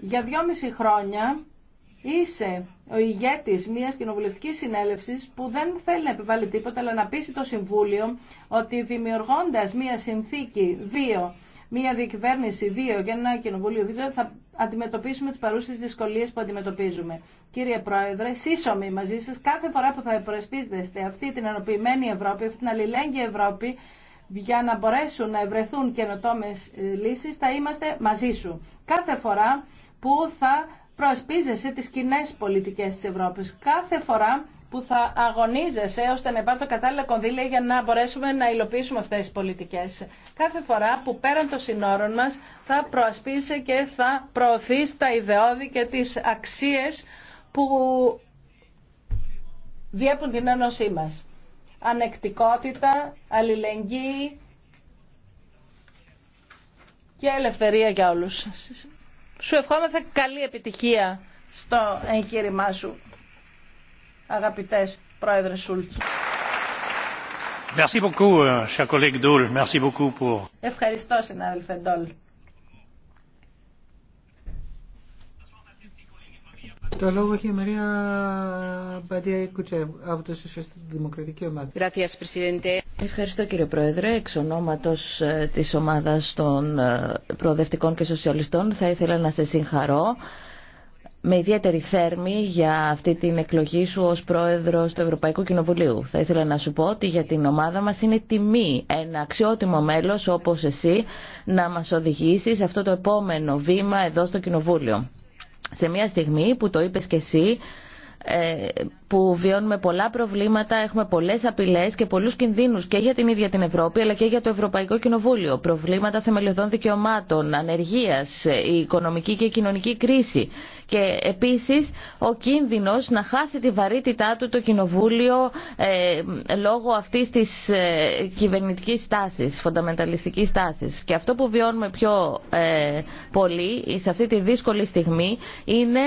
Για δυόμιση χρόνια είσαι ο ηγέτη μια κοινοβουλευτική συνέλευση που δεν θέλει να επιβάλλει τίποτα αλλά να πείσει το Συμβούλιο ότι δημιουργώντα μια συνθήκη 2, μια διακυβέρνηση δύο και ένα κοινοβούλιο δύο θα αντιμετωπίσουμε τι παρούσες δυσκολίε που αντιμετωπίζουμε. Κύριε Πρόεδρε, σύσσωμοι μαζί σα, κάθε φορά που θα υπερασπίζεστε αυτή την ενοποιημένη Ευρώπη, αυτή την αλληλέγγυη Ευρώπη για να μπορέσουν να ευρεθούν καινοτόμε λύσει, θα είμαστε μαζί σου. Κάθε φορά που θα προασπίζεσαι τις κοινέ πολιτικές της Ευρώπης. Κάθε φορά που θα αγωνίζεσαι ώστε να υπάρχουν κατάλληλα κονδύλια για να μπορέσουμε να υλοποιήσουμε αυτές τις πολιτικές. Κάθε φορά που πέραν των συνόρων μας θα προασπίσει και θα προωθείς τα ιδεώδη και τις αξίες που διέπουν την ένωσή μας. Ανεκτικότητα, αλληλεγγύη και ελευθερία για όλους. Σου ευχόμαστε καλή επιτυχία στο εγχείρημά σου, αγαπητές πρόεδρε Σούλτς. Euh, Ευχαριστώ, συνάδελφε Ντόλ. Το λόγο έχει η από το Δημοκρατική Ομάδα. Ευχαριστώ κύριε Πρόεδρε. Εξ ονόματος ε, της ομάδας των ε, προοδευτικών και σοσιαλιστών θα ήθελα να σε συγχαρώ με ιδιαίτερη θέρμη για αυτή την εκλογή σου ως πρόεδρος του Ευρωπαϊκού Κοινοβουλίου. Θα ήθελα να σου πω ότι για την ομάδα μας είναι τιμή ένα αξιότιμο μέλος όπως εσύ να μας οδηγήσει σε αυτό το επόμενο βήμα εδώ στο Κοινοβούλιο σε μια στιγμή που το είπες και εσύ ε, που βιώνουμε πολλά προβλήματα, έχουμε πολλές απειλές και πολλούς κινδύνους και για την ίδια την Ευρώπη αλλά και για το Ευρωπαϊκό Κοινοβούλιο. Προβλήματα θεμελιωδών δικαιωμάτων, ανεργίας, ε, η οικονομική και η κοινωνική κρίση και επίσης ο κίνδυνος να χάσει τη βαρύτητά του το Κοινοβούλιο ε, λόγω αυτής της ε, κυβερνητικής στάσης, φονταμενταλιστικής στάσης. Και αυτό που βιώνουμε πιο ε, πολύ σε αυτή τη δύσκολη στιγμή είναι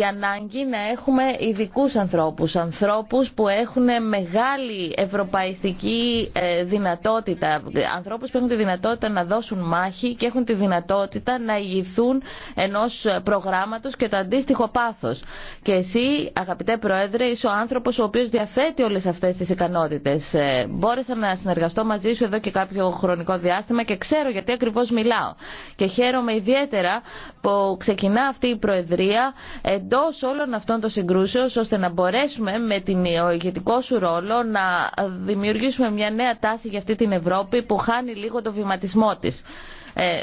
η ανάγκη να έχουμε ειδικού ανθρώπους, ανθρώπους που έχουν μεγάλη ευρωπαϊστική ε, δυνατότητα, ανθρώπους που έχουν τη δυνατότητα να δώσουν μάχη και έχουν τη δυνατότητα να ηγηθούν ενός προγράμματος και αντίστοιχο πάθο. Και εσύ, αγαπητέ Πρόεδρε, είσαι ο άνθρωπο ο οποίο διαθέτει όλες αυτές τις ικανότητες. Ε, μπόρεσα να συνεργαστώ μαζί σου εδώ και κάποιο χρονικό διάστημα και ξέρω γιατί ακριβώ μιλάω. Και χαίρομαι ιδιαίτερα που ξεκινά αυτή η Προεδρία εντό όλων αυτών των συγκρούσεων, ώστε να μπορέσουμε με την ηγετικό σου ρόλο να δημιουργήσουμε μια νέα τάση για αυτή την Ευρώπη που χάνει λίγο το βηματισμό της. Ε,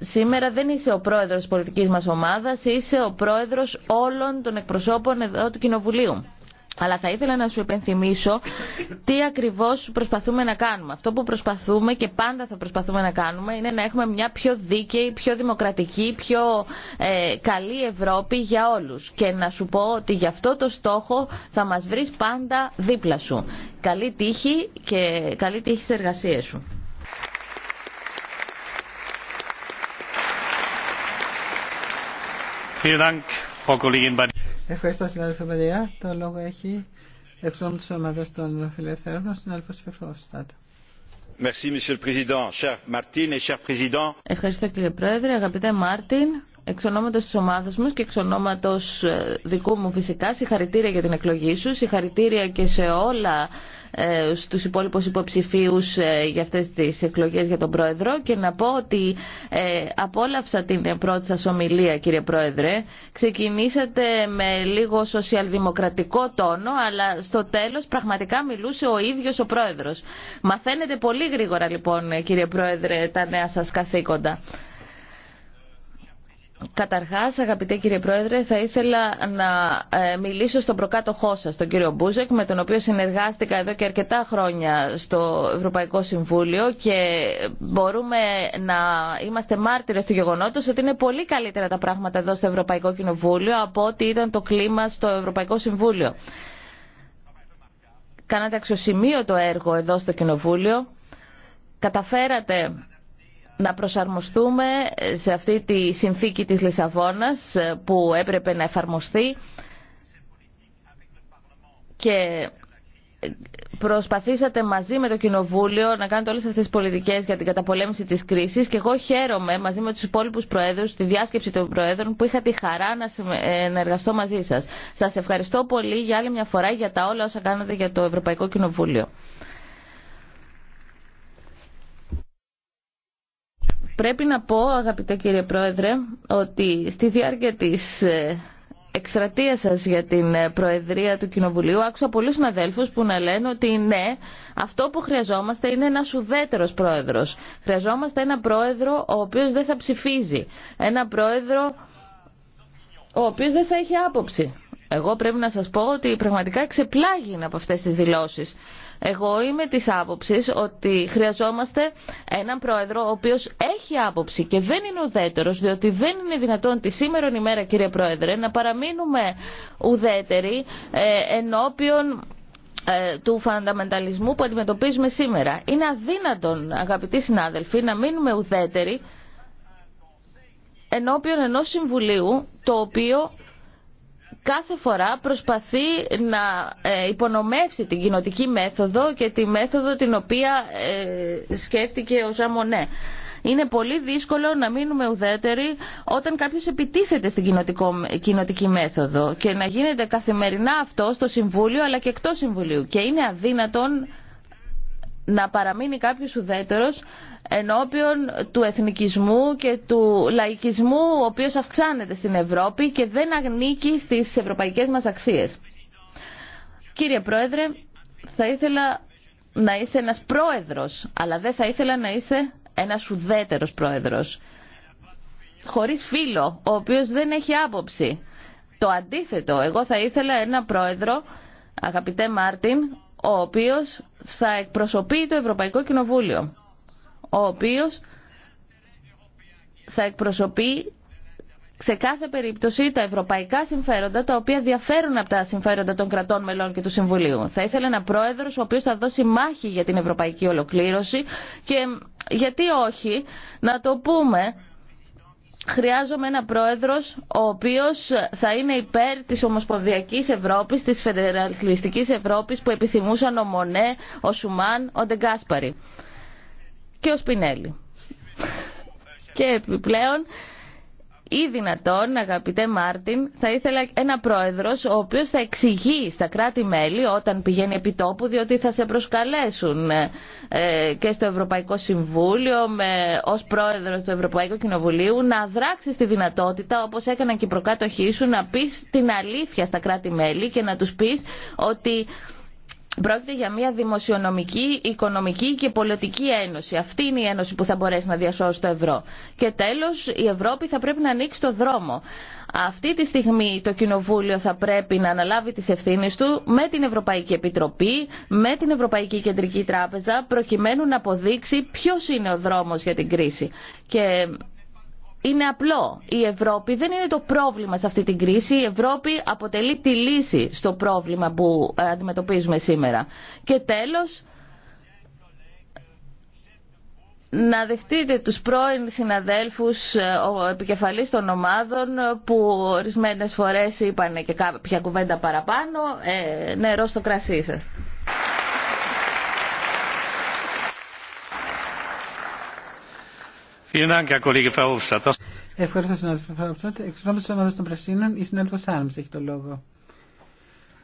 σήμερα δεν είσαι ο πρόεδρος της πολιτικής μας ομάδας, είσαι ο πρόεδρος όλων των εκπροσώπων εδώ του Κοινοβουλίου. Αλλά θα ήθελα να σου επενθυμίσω τι ακριβώς προσπαθούμε να κάνουμε. Αυτό που προσπαθούμε και πάντα θα προσπαθούμε να κάνουμε είναι να έχουμε μια πιο δίκαιη, πιο δημοκρατική, πιο ε, καλή Ευρώπη για όλους. Και να σου πω ότι γι' αυτό το στόχο θα μας βρεις πάντα δίπλα σου. Καλή τύχη και καλή τύχη στις εργασίες σου. Ευχαριστώ, συνάδελφε Μπαδιά. Το λόγο έχει εξ νόμου τη των Φιλελευθέρων, ο συνάδελφο Φεφόφστατ. Ευχαριστώ, κύριε Πρόεδρε. Αγαπητέ Μάρτιν, εξ ονόματος της ομάδας μου και εξ ονόματος ε, δικού μου φυσικά συγχαρητήρια για την εκλογή σου, συγχαρητήρια και σε όλα ε, στους υπόλοιπους υποψηφίους ε, για αυτές τις εκλογές για τον Πρόεδρο και να πω ότι ε, απόλαυσα την πρώτη σας ομιλία κύριε Πρόεδρε. Ξεκινήσατε με λίγο σοσιαλδημοκρατικό τόνο αλλά στο τέλος πραγματικά μιλούσε ο ίδιος ο Πρόεδρος. Μαθαίνετε πολύ γρήγορα λοιπόν κύριε Πρόεδρε τα νέα σας καθήκοντα. Καταρχάς, αγαπητέ κύριε Πρόεδρε, θα ήθελα να ε, μιλήσω στον προκάτοχό σας, τον κύριο Μπούζεκ, με τον οποίο συνεργάστηκα εδώ και αρκετά χρόνια στο Ευρωπαϊκό Συμβούλιο και μπορούμε να είμαστε μάρτυρες του γεγονότος ότι είναι πολύ καλύτερα τα πράγματα εδώ στο Ευρωπαϊκό Κοινοβούλιο από ό,τι ήταν το κλίμα στο Ευρωπαϊκό Συμβούλιο. Κάνατε αξιοσημείωτο έργο εδώ στο Κοινοβούλιο. Καταφέρατε να προσαρμοστούμε σε αυτή τη συνθήκη της Λισαβόνας ε, που έπρεπε να εφαρμοστεί και ε, προσπαθήσατε μαζί με το Κοινοβούλιο να κάνετε όλες αυτές τις πολιτικές για την καταπολέμηση της κρίσης και εγώ χαίρομαι μαζί με τους υπόλοιπους Προέδρους τη διάσκεψη των Προέδρων που είχα τη χαρά να συνεργαστώ ε, μαζί σας. Σας ευχαριστώ πολύ για άλλη μια φορά για τα όλα όσα κάνατε για το Ευρωπαϊκό Κοινοβούλιο. Πρέπει να πω, αγαπητέ κύριε Πρόεδρε, ότι στη διάρκεια της ε, εκστρατεία σα για την ε, Προεδρία του Κοινοβουλίου, άκουσα πολλού συναδέλφου που να λένε ότι ναι, αυτό που χρειαζόμαστε είναι ένα ουδέτερο πρόεδρο. Χρειαζόμαστε ένα πρόεδρο ο οποίο δεν θα ψηφίζει. Ένα πρόεδρο ο οποίος δεν θα έχει άποψη. Εγώ πρέπει να σας πω ότι πραγματικά ξεπλάγει από αυτές τις δηλώσεις. Εγώ είμαι της άποψης ότι χρειαζόμαστε έναν πρόεδρο ο οποίος έχει άποψη και δεν είναι ουδέτερος, διότι δεν είναι δυνατόν τη σήμερα ημέρα κύριε Πρόεδρε να παραμείνουμε ουδέτεροι ε, ενώπιον ε, του φανταμενταλισμού που αντιμετωπίζουμε σήμερα. Είναι αδύνατον, αγαπητοί συνάδελφοι, να μείνουμε ουδέτεροι ενώπιον ενός Συμβουλίου το οποίο κάθε φορά προσπαθεί να ε, υπονομεύσει την κοινοτική μέθοδο και τη μέθοδο την οποία ε, σκέφτηκε ο Ζαμονέ. Είναι πολύ δύσκολο να μείνουμε ουδέτεροι όταν κάποιο επιτίθεται στην κοινοτική μέθοδο και να γίνεται καθημερινά αυτό στο Συμβούλιο αλλά και εκτό Συμβουλίου. Και είναι αδύνατον να παραμείνει κάποιος ουδέτερος ενώπιον του εθνικισμού και του λαϊκισμού ο οποίος αυξάνεται στην Ευρώπη και δεν ανήκει στις ευρωπαϊκές μας αξίες. Κύριε Πρόεδρε, θα ήθελα να είστε ένας πρόεδρος, αλλά δεν θα ήθελα να είστε ένας ουδέτερος πρόεδρος. Χωρίς φίλο, ο οποίος δεν έχει άποψη. Το αντίθετο, εγώ θα ήθελα ένα πρόεδρο, αγαπητέ Μάρτιν, ο οποίος θα εκπροσωπεί το Ευρωπαϊκό Κοινοβούλιο, ο οποίος θα εκπροσωπεί σε κάθε περίπτωση τα ευρωπαϊκά συμφέροντα τα οποία διαφέρουν από τα συμφέροντα των κρατών μελών και του Συμβουλίου. Θα ήθελα ένα πρόεδρο ο οποίο θα δώσει μάχη για την ευρωπαϊκή ολοκλήρωση και γιατί όχι να το πούμε χρειάζομαι ένα πρόεδρος ο οποίος θα είναι υπέρ της Ομοσπονδιακής Ευρώπης, της Φεδεραλιστικής Ευρώπης που επιθυμούσαν ο Μονέ, ο Σουμάν, ο Ντεγκάσπαρη και ο Σπινέλη. Και επιπλέον ή δυνατόν, αγαπητέ Μάρτιν, θα ήθελα ένα πρόεδρος ο οποίος θα εξηγεί στα κράτη-μέλη όταν πηγαίνει επί τόπου, διότι θα σε προσκαλέσουν ε, και στο Ευρωπαϊκό Συμβούλιο με, ως πρόεδρος του Ευρωπαϊκού Κοινοβουλίου να δράξει τη δυνατότητα, όπως έκαναν και οι προκάτοχοί σου, να πεις την αλήθεια στα κράτη-μέλη και να του πει ότι Πρόκειται για μια δημοσιονομική, οικονομική και πολιτική ένωση. Αυτή είναι η ένωση που θα μπορέσει να διασώσει το ευρώ. Και τέλος, η Ευρώπη θα πρέπει να ανοίξει το δρόμο. Αυτή τη στιγμή το Κοινοβούλιο θα πρέπει να αναλάβει τις ευθύνες του με την Ευρωπαϊκή Επιτροπή, με την Ευρωπαϊκή Κεντρική Τράπεζα, προκειμένου να αποδείξει ποιος είναι ο δρόμος για την κρίση. Και είναι απλό. Η Ευρώπη δεν είναι το πρόβλημα σε αυτή την κρίση. Η Ευρώπη αποτελεί τη λύση στο πρόβλημα που ε, αντιμετωπίζουμε σήμερα. Και τέλος, να δεχτείτε τους πρώην συναδέλφους, ε, ο επικεφαλής των ομάδων που ορισμένες φορές είπαν και κάποια κουβέντα παραπάνω, ε, νερό ναι, στο κρασί σας. Ευχαριστώ, συνάδελφε Φαρουφστάτ. Εξ ονόματο τη ομάδα των Πρασίνων, η συνάδελφο Άρμ έχει το λόγο.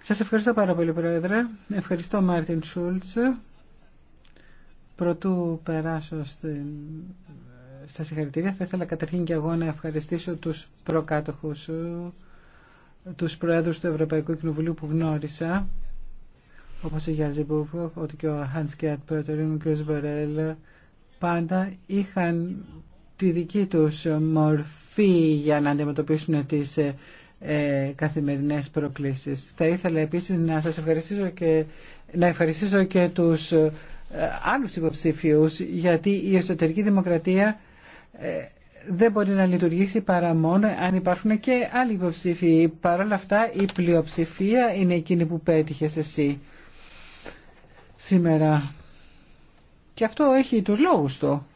Σα ευχαριστώ πάρα πολύ, Πρόεδρε. Ευχαριστώ, Μάρτιν Σούλτ. Πρωτού περάσω στην... στα συγχαρητήρια, θα ήθελα καταρχήν και εγώ να ευχαριστήσω του προκάτοχου σου, ε, του Προέδρου του Ευρωπαϊκού Κοινοβουλίου που γνώρισα, όπω ο Γιάννη Μπούχο, ότι και ο Χάντ Κιάτ Πέτερινγκ και ο Σβερέλ πάντα είχαν τη δική τους μορφή για να αντιμετωπίσουν τις ε, ε, καθημερινές προκλήσεις. Θα ήθελα επίσης να σας ευχαριστήσω και να ευχαριστήσω και τους ε, άλλους υποψήφιους γιατί η εσωτερική δημοκρατία ε, δεν μπορεί να λειτουργήσει παρά μόνο αν υπάρχουν και άλλοι υποψήφοι. Παρ' όλα αυτά η πλειοψηφία είναι εκείνη που πέτυχες εσύ σήμερα και αυτό έχει τους λόγους του.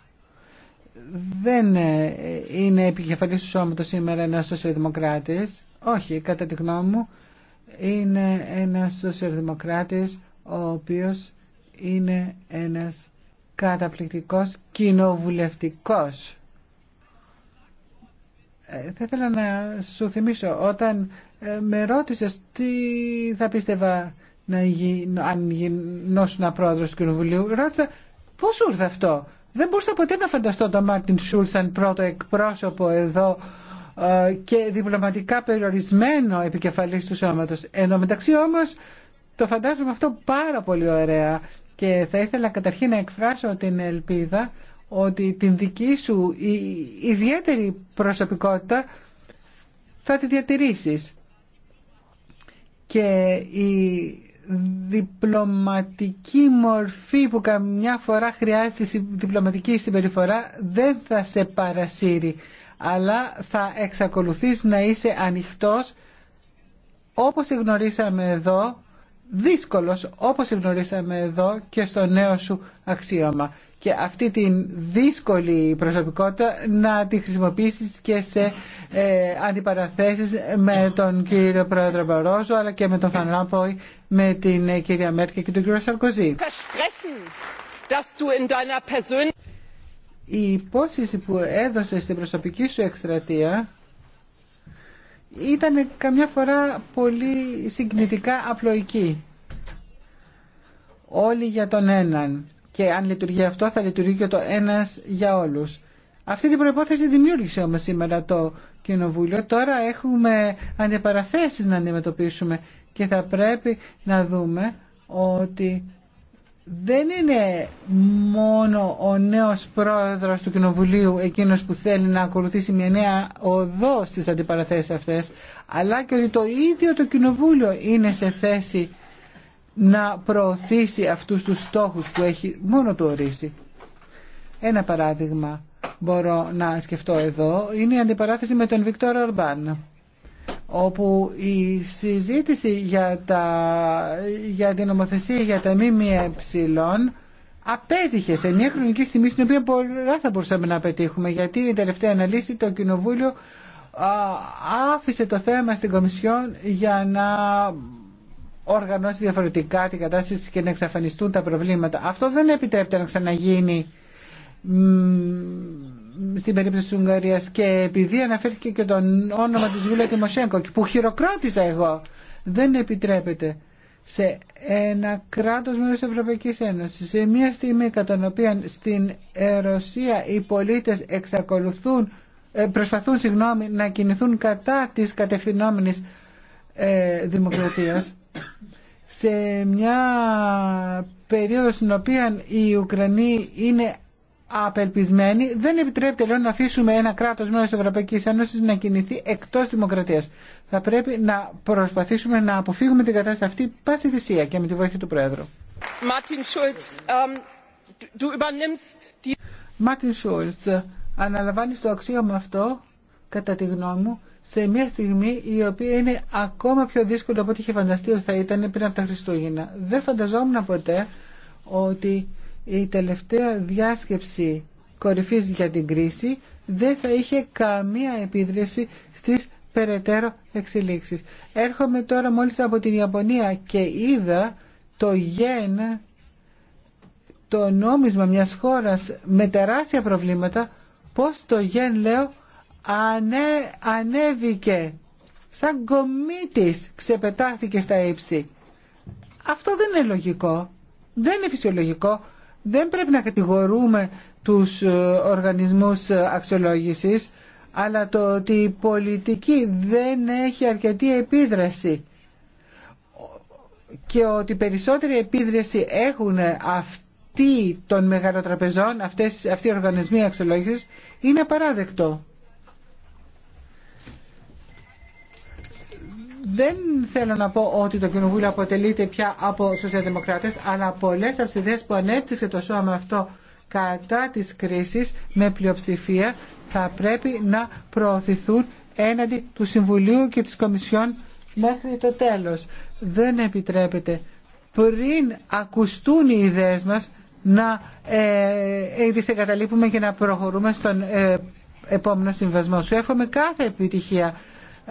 Δεν ε, είναι επικεφαλής του σώματος σήμερα ένας σοσιαλδημοκράτης. Όχι, κατά τη γνώμη μου, είναι ένας σοσιαλδημοκράτης ο οποίος είναι ένας καταπληκτικός κοινοβουλευτικός. Ε, θα ήθελα να σου θυμίσω όταν ε, με ρώτησες τι θα πίστευα να γι... αν γινώσουν πρόεδρος του κοινοβουλίου ρώτησα Πώς ήρθε αυτό. Δεν μπορούσα ποτέ να φανταστώ τον Μάρτιν Σούλ σαν πρώτο εκπρόσωπο εδώ ε, και διπλωματικά περιορισμένο επικεφαλής του σώματος. Ενώ μεταξύ όμως το φαντάζομαι αυτό πάρα πολύ ωραία και θα ήθελα καταρχήν να εκφράσω την ελπίδα ότι την δική σου η ιδιαίτερη προσωπικότητα θα τη διατηρήσεις. Και η διπλωματική μορφή που καμιά φορά χρειάζεται διπλωματική συμπεριφορά δεν θα σε παρασύρει αλλά θα εξακολουθείς να είσαι ανοιχτός όπως γνωρίσαμε εδώ δύσκολος όπως γνωρίσαμε εδώ και στο νέο σου αξίωμα και αυτή την δύσκολη προσωπικότητα να τη χρησιμοποιήσεις και σε ε, αντιπαραθέσεις με τον κύριο Πρόεδρο Μπαρόζο αλλά και με τον Φανράμποϊ, με την ε, κυρία Μέρκε και τον κύριο Σαρκοζή. Η υπόσχεση που έδωσε στην προσωπική σου εκστρατεία ήταν καμιά φορά πολύ συγκινητικά απλοϊκή. Όλοι για τον έναν και αν λειτουργεί αυτό θα λειτουργεί και το ένας για όλους. Αυτή την προπόθεση δημιούργησε όμω σήμερα το Κοινοβούλιο. Τώρα έχουμε αντιπαραθέσει να αντιμετωπίσουμε και θα πρέπει να δούμε ότι δεν είναι μόνο ο νέος πρόεδρος του Κοινοβουλίου εκείνος που θέλει να ακολουθήσει μια νέα οδό στις αντιπαραθέσεις αυτές, αλλά και ότι το ίδιο το Κοινοβούλιο είναι σε θέση να προωθήσει αυτούς τους στόχους που έχει μόνο του ορίσει. Ένα παράδειγμα μπορώ να σκεφτώ εδώ είναι η αντιπαράθεση με τον Βικτόρα Ορμπάν όπου η συζήτηση για, για την νομοθεσία για τα ΜΜΕ απέτυχε σε μια χρονική στιγμή στην οποία πολλά θα μπορούσαμε να πετύχουμε γιατί η τελευταία αναλύση το Κοινοβούλιο άφησε το θέμα στην Κομισιόν για να οργανώσει διαφορετικά την κατάσταση και να εξαφανιστούν τα προβλήματα. Αυτό δεν επιτρέπεται να ξαναγίνει στην περίπτωση της Ουγγαρίας και επειδή αναφέρθηκε και το όνομα της Βούλια Τιμοσέγκο που χειροκρότησα εγώ δεν επιτρέπεται σε ένα κράτος μέρος της Ευρωπαϊκής Ένωσης σε μια στιγμή κατά την οποία στην Ρωσία οι πολίτες εξακολουθούν ε, προσπαθούν συγγνώμη, να κινηθούν κατά της κατευθυνόμενης ε, δημοκρατίας σε μια περίοδο στην οποία οι Ουκρανοί είναι απελπισμένοι, δεν επιτρέπεται λοιπόν να αφήσουμε ένα κράτος μέλος της Ευρωπαϊκής Ένωση να κινηθεί εκτός δημοκρατίας. Θα πρέπει να προσπαθήσουμε να αποφύγουμε την κατάσταση αυτή πάση θυσία και με τη βοήθεια του Πρόεδρου. Μάρτιν Σούλτς, αναλαμβάνει το αξίωμα αυτό κατά τη γνώμη μου, σε μια στιγμή η οποία είναι ακόμα πιο δύσκολη από ό,τι είχε φανταστεί ότι θα ήταν πριν από τα Χριστούγεννα. Δεν φανταζόμουν ποτέ ότι η τελευταία διάσκεψη κορυφής για την κρίση δεν θα είχε καμία επίδραση στις περαιτέρω εξελίξεις. Έρχομαι τώρα μόλις από την Ιαπωνία και είδα το γεν, το νόμισμα μιας χώρας με τεράστια προβλήματα, πώς το γεν λέω ανέ, ανέβηκε σαν κομίτης ξεπετάθηκε στα ύψη. Αυτό δεν είναι λογικό, δεν είναι φυσιολογικό. Δεν πρέπει να κατηγορούμε τους ε, οργανισμούς ε, αξιολόγησης, αλλά το ότι η πολιτική δεν έχει αρκετή επίδραση και ότι περισσότερη επίδραση έχουν αυτοί των μεγαλοτραπεζών, αυτές, αυτοί οι οργανισμοί αξιολόγησης, είναι απαράδεκτο. δεν θέλω να πω ότι το Κοινοβούλιο αποτελείται πια από σοσιαλδημοκράτες, αλλά πολλέ από που ανέπτυξε το σώμα αυτό κατά της κρίσης με πλειοψηφία θα πρέπει να προωθηθούν έναντι του Συμβουλίου και της Κομισιόν μέχρι το τέλος. Δεν επιτρέπεται πριν ακουστούν οι ιδέες μας να ε, τις ε, ε, εγκαταλείπουμε και να προχωρούμε στον ε, επόμενο συμβασμό. Σου εύχομαι κάθε επιτυχία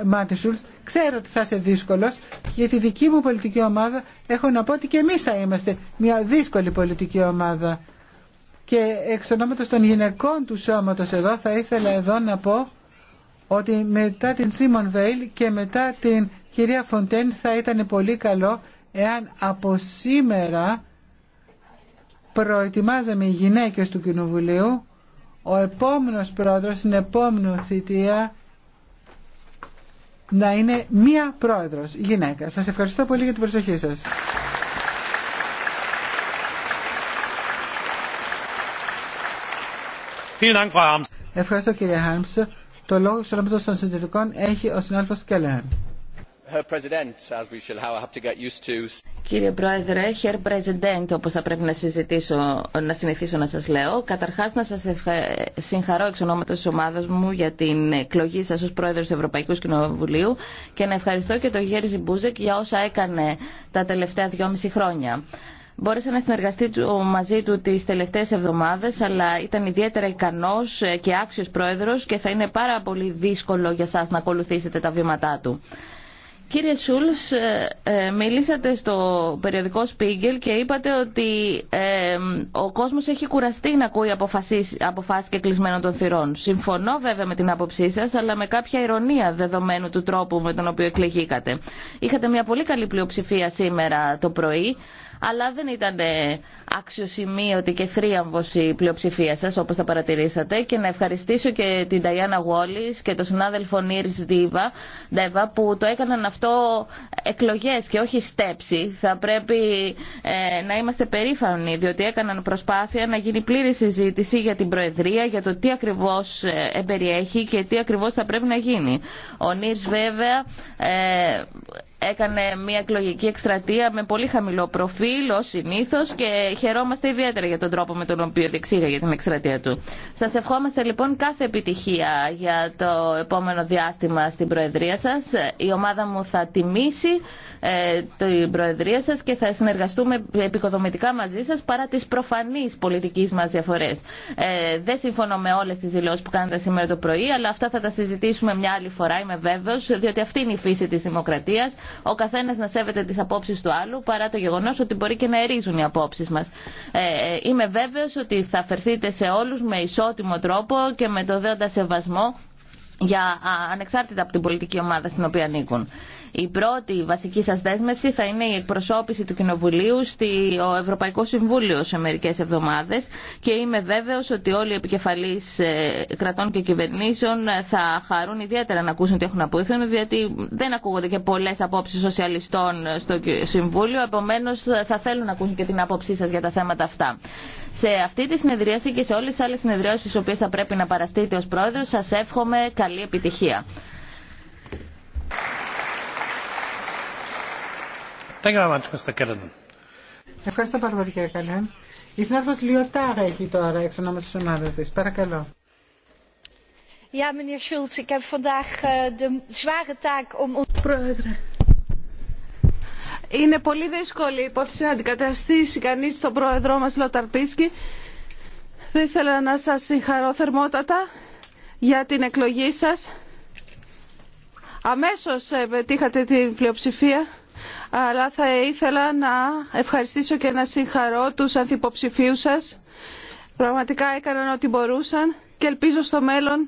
Μάρτιν ξέρω ότι θα είσαι δύσκολο. Για τη δική μου πολιτική ομάδα έχω να πω ότι και εμεί θα είμαστε μια δύσκολη πολιτική ομάδα. Και εξ ονόματο των γυναικών του σώματος εδώ θα ήθελα εδώ να πω ότι μετά την Σίμον Βέιλ και μετά την κυρία Φοντέν θα ήταν πολύ καλό εάν από σήμερα προετοιμάζαμε οι γυναίκες του Κοινοβουλίου ο επόμενος πρόεδρος στην επόμενη θητεία να είναι μία πρόεδρος γυναίκα. Σας ευχαριστώ πολύ για την προσοχή σας. Ευχαριστώ κύριε Χάρμς. Το λόγο στον των συντηρητικών έχει ο συνάδελφος Κέλεχαν. Κύριε Πρόεδρε, Herr President, όπως θα πρέπει να, συζητήσω, να συνηθίσω να σας λέω. Καταρχάς να σας συγχαρώ εξ ονόματος της ομάδας μου για την εκλογή σας ως Πρόεδρος του Ευρωπαϊκού Κοινοβουλίου και να ευχαριστώ και τον Γέρζι Μπούζεκ για όσα έκανε τα τελευταία δυόμιση χρόνια. Μπόρεσα να συνεργαστεί μαζί του τις τελευταίες εβδομάδες, αλλά ήταν ιδιαίτερα ικανός και άξιος πρόεδρος και θα είναι πάρα πολύ δύσκολο για σας να ακολουθήσετε τα βήματά του. Κύριε Σούλς, ε, ε, μιλήσατε στο περιοδικό Spiegel και είπατε ότι ε, ο κόσμος έχει κουραστεί να ακούει αποφάσεις, αποφάσεις και κλεισμένων των θυρών. Συμφωνώ βέβαια με την άποψή σας, αλλά με κάποια ηρωνία δεδομένου του τρόπου με τον οποίο εκλεγήκατε. Είχατε μια πολύ καλή πλειοψηφία σήμερα το πρωί αλλά δεν ήταν ε, αξιοσημείωτη και θρίαμβος η πλειοψηφία σας, όπως θα παρατηρήσατε, και να ευχαριστήσω και την Ταϊάννα Γόλη και τον συνάδελφο Νίρς Δίβα, που το έκαναν αυτό εκλογές και όχι στέψη. Θα πρέπει ε, να είμαστε περήφανοι, διότι έκαναν προσπάθεια να γίνει πλήρη συζήτηση για την Προεδρία, για το τι ακριβώς ε, εμπεριέχει και τι ακριβώς θα πρέπει να γίνει. Ο έκανε μια εκλογική εκστρατεία με πολύ χαμηλό προφίλ ως συνήθως και χαιρόμαστε ιδιαίτερα για τον τρόπο με τον οποίο διεξήγαγε την εκστρατεία του. Σας ευχόμαστε λοιπόν κάθε επιτυχία για το επόμενο διάστημα στην Προεδρία σας. Η ομάδα μου θα τιμήσει ε, την Προεδρία σα και θα συνεργαστούμε επικοδομητικά μαζί σα παρά τις προφανείς πολιτικέ μας διαφορές. Ε, δεν συμφωνώ με όλε τι δηλώσει που κάνετε σήμερα το πρωί, αλλά αυτά θα τα συζητήσουμε μια άλλη φορά, είμαι βέβαιο, διότι αυτή είναι η φύση τη δημοκρατία. ο καθένα να σέβεται τι απόψει του άλλου, παρά το γεγονό ότι μπορεί και να ερίζουν οι απόψεις μας. Ε, είμαι βέβαιο ότι θα φερθείτε σε όλου με ισότιμο τρόπο και με το δέοντα σεβασμό για ανεξάρτητα από την πολιτική ομάδα στην οποία ανήκουν. Η πρώτη βασική σας δέσμευση θα είναι η εκπροσώπηση του Κοινοβουλίου στο Ευρωπαϊκό Συμβούλιο σε μερικές εβδομάδες και είμαι βέβαιος ότι όλοι οι επικεφαλείς ε, κρατών και κυβερνήσεων ε, θα χαρούν ιδιαίτερα να ακούσουν τι έχουν να πούθουν, διότι δεν ακούγονται και πολλές απόψεις σοσιαλιστών στο Συμβούλιο, επομένως θα θέλουν να ακούσουν και την άποψή σας για τα θέματα αυτά. Σε αυτή τη συνεδρίαση και σε όλε τι άλλες συνεδριώσει, στις οποίε θα πρέπει να παραστείτε ω πρόεδρο, σα εύχομαι καλή επιτυχία. Ευχαριστώ πάρα πολύ κύριε Καλέν. Η συνάδελφο Λιωτάρα έχει τώρα εξ να τη ομάδα τη. Παρακαλώ. Πρόεδρε, είναι πολύ δύσκολη η υπόθεση να αντικαταστήσει κανείς τον πρόεδρό μας Λοταρπίσκι. Θα ήθελα να σας συγχαρώ θερμότατα για την εκλογή σας. Αμέσως ε, πετύχατε την πλειοψηφία αλλά θα ήθελα να ευχαριστήσω και να συγχαρώ τους ανθυποψηφίους σας. Πραγματικά έκαναν ό,τι μπορούσαν και ελπίζω στο μέλλον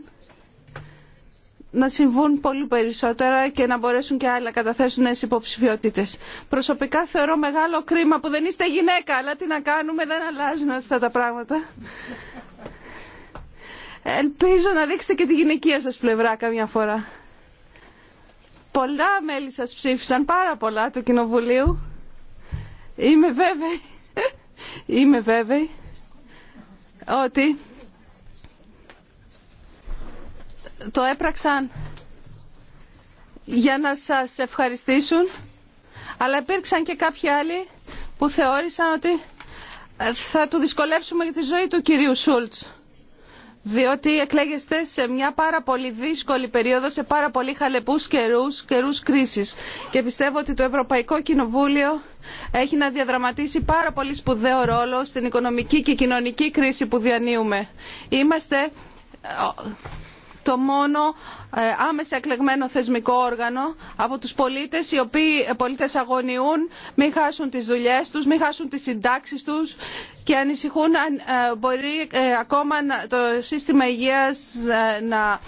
να συμβούν πολύ περισσότερα και να μπορέσουν και άλλα να καταθέσουν υποψηφιότητε. Προσωπικά θεωρώ μεγάλο κρίμα που δεν είστε γυναίκα, αλλά τι να κάνουμε, δεν αλλάζουν αυτά τα πράγματα. Ελπίζω να δείξετε και τη γυναικεία σας πλευρά καμιά φορά. Πολλά μέλη σας ψήφισαν, πάρα πολλά του Κοινοβουλίου. Είμαι βέβαιη, είμαι βέβαιη ότι το έπραξαν για να σας ευχαριστήσουν, αλλά υπήρξαν και κάποιοι άλλοι που θεώρησαν ότι θα του δυσκολεύσουμε για τη ζωή του κυρίου Σούλτς διότι εκλέγεστε σε μια πάρα πολύ δύσκολη περίοδο, σε πάρα πολύ χαλεπούς καιρούς, καιρούς κρίσης. Και πιστεύω ότι το Ευρωπαϊκό Κοινοβούλιο έχει να διαδραματίσει πάρα πολύ σπουδαίο ρόλο στην οικονομική και κοινωνική κρίση που διανύουμε. Είμαστε το μόνο ε, άμεσα εκλεγμένο θεσμικό όργανο από τους πολίτες οι οποίοι ε, πολίτες αγωνιούν μην χάσουν τις δουλειές τους, μην χάσουν τις συντάξεις τους και ανησυχούν αν ε, μπορεί ακόμα το σύστημα υγείας να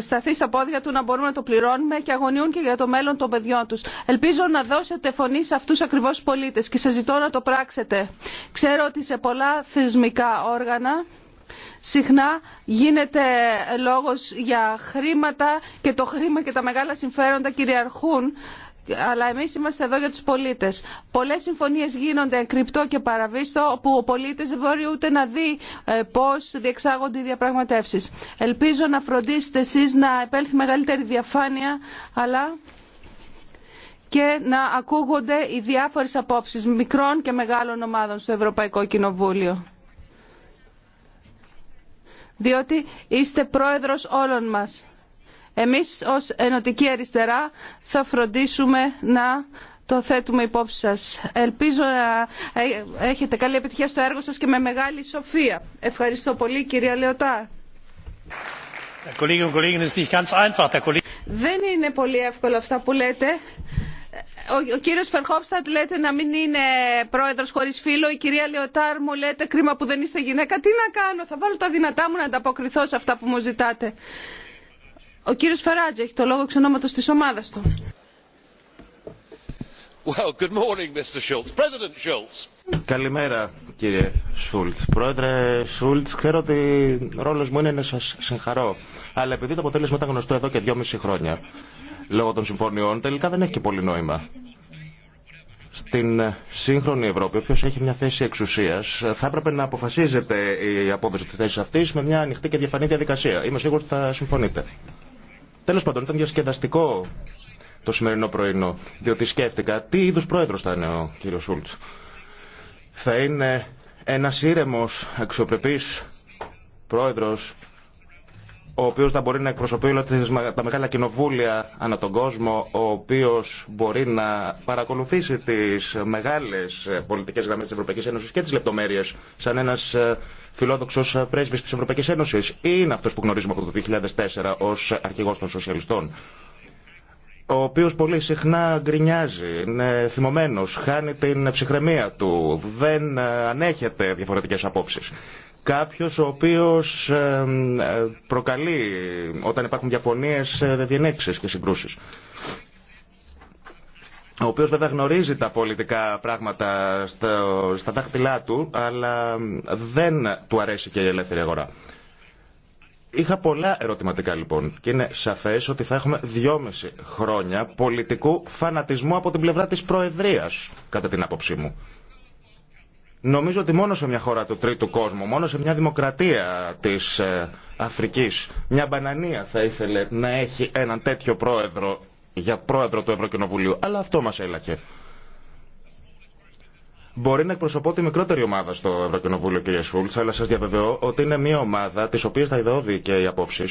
σταθεί στα πόδια του να μπορούμε να το πληρώνουμε και αγωνιούν και για το μέλλον των παιδιών τους. Ελπίζω να δώσετε φωνή σε αυτούς ακριβώς πολίτες και σας ζητώ να το πράξετε. Ξέρω ότι σε πολλά θεσμικά όργανα Συχνά γίνεται λόγος για χρήματα και το χρήμα και τα μεγάλα συμφέροντα κυριαρχούν αλλά εμείς είμαστε εδώ για τους πολίτες. Πολλές συμφωνίες γίνονται κρυπτό και παραβίστο, όπου ο πολίτης δεν μπορεί ούτε να δει ε, πώς διεξάγονται οι διαπραγματεύσεις. Ελπίζω να φροντίσετε εσείς να επέλθει μεγαλύτερη διαφάνεια, αλλά και να ακούγονται οι διάφορες απόψεις μικρών και μεγάλων ομάδων στο Ευρωπαϊκό Κοινοβούλιο διότι είστε πρόεδρος όλων μας. Εμείς ως Ενωτική Αριστερά θα φροντίσουμε να το θέτουμε υπόψη σας. Ελπίζω να ε, έχετε καλή επιτυχία στο έργο σας και με μεγάλη σοφία. Ευχαριστώ πολύ κυρία Λεωτάρ. Δεν είναι πολύ εύκολο αυτά που λέτε ο, ο κύριος Φερχόφστατ λέτε να μην είναι πρόεδρος χωρίς φίλο, η κυρία Λεωτάρ μου λέτε κρίμα που δεν είστε γυναίκα. Τι να κάνω, θα βάλω τα δυνατά μου να ανταποκριθώ σε αυτά που μου ζητάτε. Ο κύριος Φεράτζ έχει το λόγο εξ της ομάδας του. Well, good morning, Mr. Schultz. President Schultz. Καλημέρα κύριε Σούλτ. Πρόεδρε Σούλτ, ξέρω ότι ρόλος μου είναι να σας συγχαρώ. Αλλά επειδή το αποτέλεσμα ήταν γνωστό εδώ και δυόμιση χρόνια, λόγω των συμφωνιών τελικά δεν έχει και πολύ νόημα. Στην σύγχρονη Ευρώπη, όποιο έχει μια θέση εξουσία, θα έπρεπε να αποφασίζεται η απόδοση τη θέση αυτή με μια ανοιχτή και διαφανή διαδικασία. Είμαι σίγουρο ότι θα συμφωνείτε. Τέλο πάντων, ήταν διασκεδαστικό το σημερινό πρωινό, διότι σκέφτηκα τι είδου πρόεδρο θα είναι ο κύριο Σούλτ. Θα είναι ένα ήρεμο, αξιοπρεπή πρόεδρο ο οποίος θα μπορεί να εκπροσωπεί όλα τα μεγάλα κοινοβούλια ανά τον κόσμο, ο οποίος μπορεί να παρακολουθήσει τις μεγάλες ε, πολιτικές γραμμές της Ευρωπαϊκής Ένωσης και τις λεπτομέρειες σαν ένας ε, φιλόδοξος ε, πρέσβης της Ευρωπαϊκής Ένωσης ή είναι αυτός που γνωρίζουμε από το 2004 ως αρχηγός των σοσιαλιστών ο οποίος πολύ συχνά γκρινιάζει, είναι θυμωμένο, χάνει την ψυχραιμία του, δεν ανέχεται διαφορετικές απόψεις κάποιος ο οποίος προκαλεί όταν υπάρχουν διαφωνίες ε, διενέξεις και συγκρούσεις ο οποίος βέβαια γνωρίζει τα πολιτικά πράγματα στα δάχτυλά του, αλλά δεν του αρέσει και η ελεύθερη αγορά. Είχα πολλά ερωτηματικά λοιπόν και είναι σαφές ότι θα έχουμε δυόμιση χρόνια πολιτικού φανατισμού από την πλευρά της Προεδρίας, κατά την άποψή μου. Νομίζω ότι μόνο σε μια χώρα του τρίτου κόσμου, μόνο σε μια δημοκρατία της ε, Αφρικής, μια μπανανία θα ήθελε να έχει έναν τέτοιο πρόεδρο για πρόεδρο του Ευρωκοινοβουλίου. Αλλά αυτό μας έλαχε. Μπορεί να εκπροσωπώ τη μικρότερη ομάδα στο Ευρωκοινοβούλιο, κύριε Σούλτ, αλλά σα διαβεβαιώ ότι είναι μια ομάδα τη οποία θα ιδεώδη και οι απόψει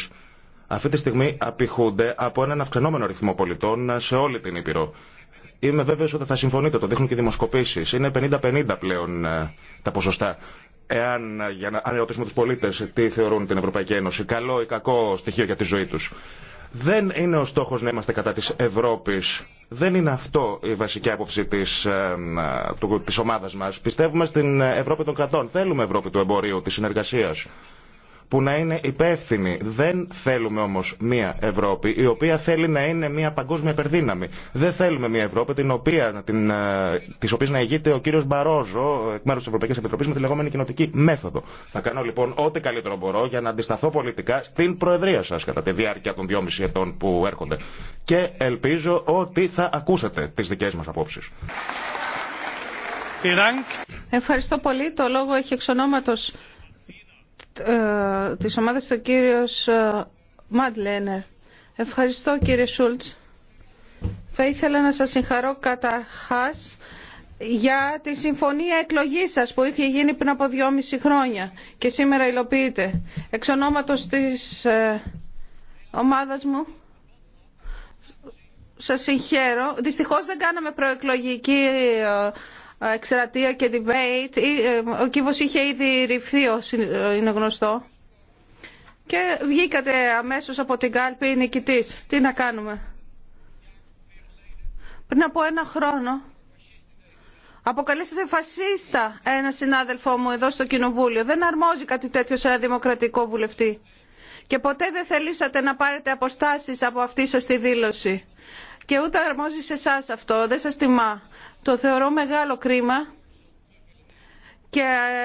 αυτή τη στιγμή απηχούνται από έναν αυξανόμενο ρυθμό πολιτών σε όλη την Ήπειρο. Είμαι βέβαιο ότι θα συμφωνείτε, το δείχνουν και οι δημοσκοπήσει. Είναι 50-50 πλέον ε, τα ποσοστά. Εάν ε, για να, αν ερωτήσουμε του πολίτε τι θεωρούν την Ευρωπαϊκή Ένωση, καλό ή κακό στοιχείο για τη ζωή του. Δεν είναι ο στόχο να είμαστε κατά τη Ευρώπη. Δεν είναι αυτό η βασική άποψη τη της, ε, ομάδα μα. Πιστεύουμε στην Ευρώπη των κρατών. Θέλουμε Ευρώπη του εμπορίου, τη συνεργασία που να είναι υπεύθυνη. Δεν θέλουμε όμω μία Ευρώπη η οποία θέλει να είναι μία παγκόσμια υπερδύναμη. Δεν θέλουμε μία Ευρώπη την οποία, την, ε, της οποίας να ηγείται ο κύριο Μπαρόζο εκ μέρου τη Ευρωπαϊκή Επιτροπή με τη λεγόμενη κοινοτική μέθοδο. Θα κάνω λοιπόν ό,τι καλύτερο μπορώ για να αντισταθώ πολιτικά στην Προεδρία σα κατά τη διάρκεια των 2,5 ετών που έρχονται. Και ελπίζω ότι θα ακούσετε τι δικέ μα απόψει. Ευχαριστώ πολύ. Το λόγο έχει εξ ε, της ομάδας ο κύριος ε, Μάντλενερ. Ευχαριστώ κύριε Σούλτς. Θα ήθελα να σας συγχαρώ καταρχάς για τη συμφωνία εκλογής σας που είχε γίνει πριν από δυόμιση χρόνια και σήμερα υλοποιείται. Εξ ονόματος της ε, ομάδας μου σας συγχαίρω. Δυστυχώς δεν κάναμε προεκλογική εξτρατεία και debate. Ε, ο κύβος είχε ήδη ρηφθεί, ε, είναι γνωστό. Και βγήκατε αμέσως από την κάλπη νικητής. Τι να κάνουμε. Πριν από ένα χρόνο αποκαλέσατε φασίστα ένα συνάδελφό μου εδώ στο Κοινοβούλιο. Δεν αρμόζει κάτι τέτοιο σε ένα δημοκρατικό βουλευτή. Και ποτέ δεν θελήσατε να πάρετε αποστάσεις από αυτή σας τη δήλωση. Και ούτε αρμόζει σε εσά αυτό, δεν σας τιμά. Το θεωρώ μεγάλο κρίμα και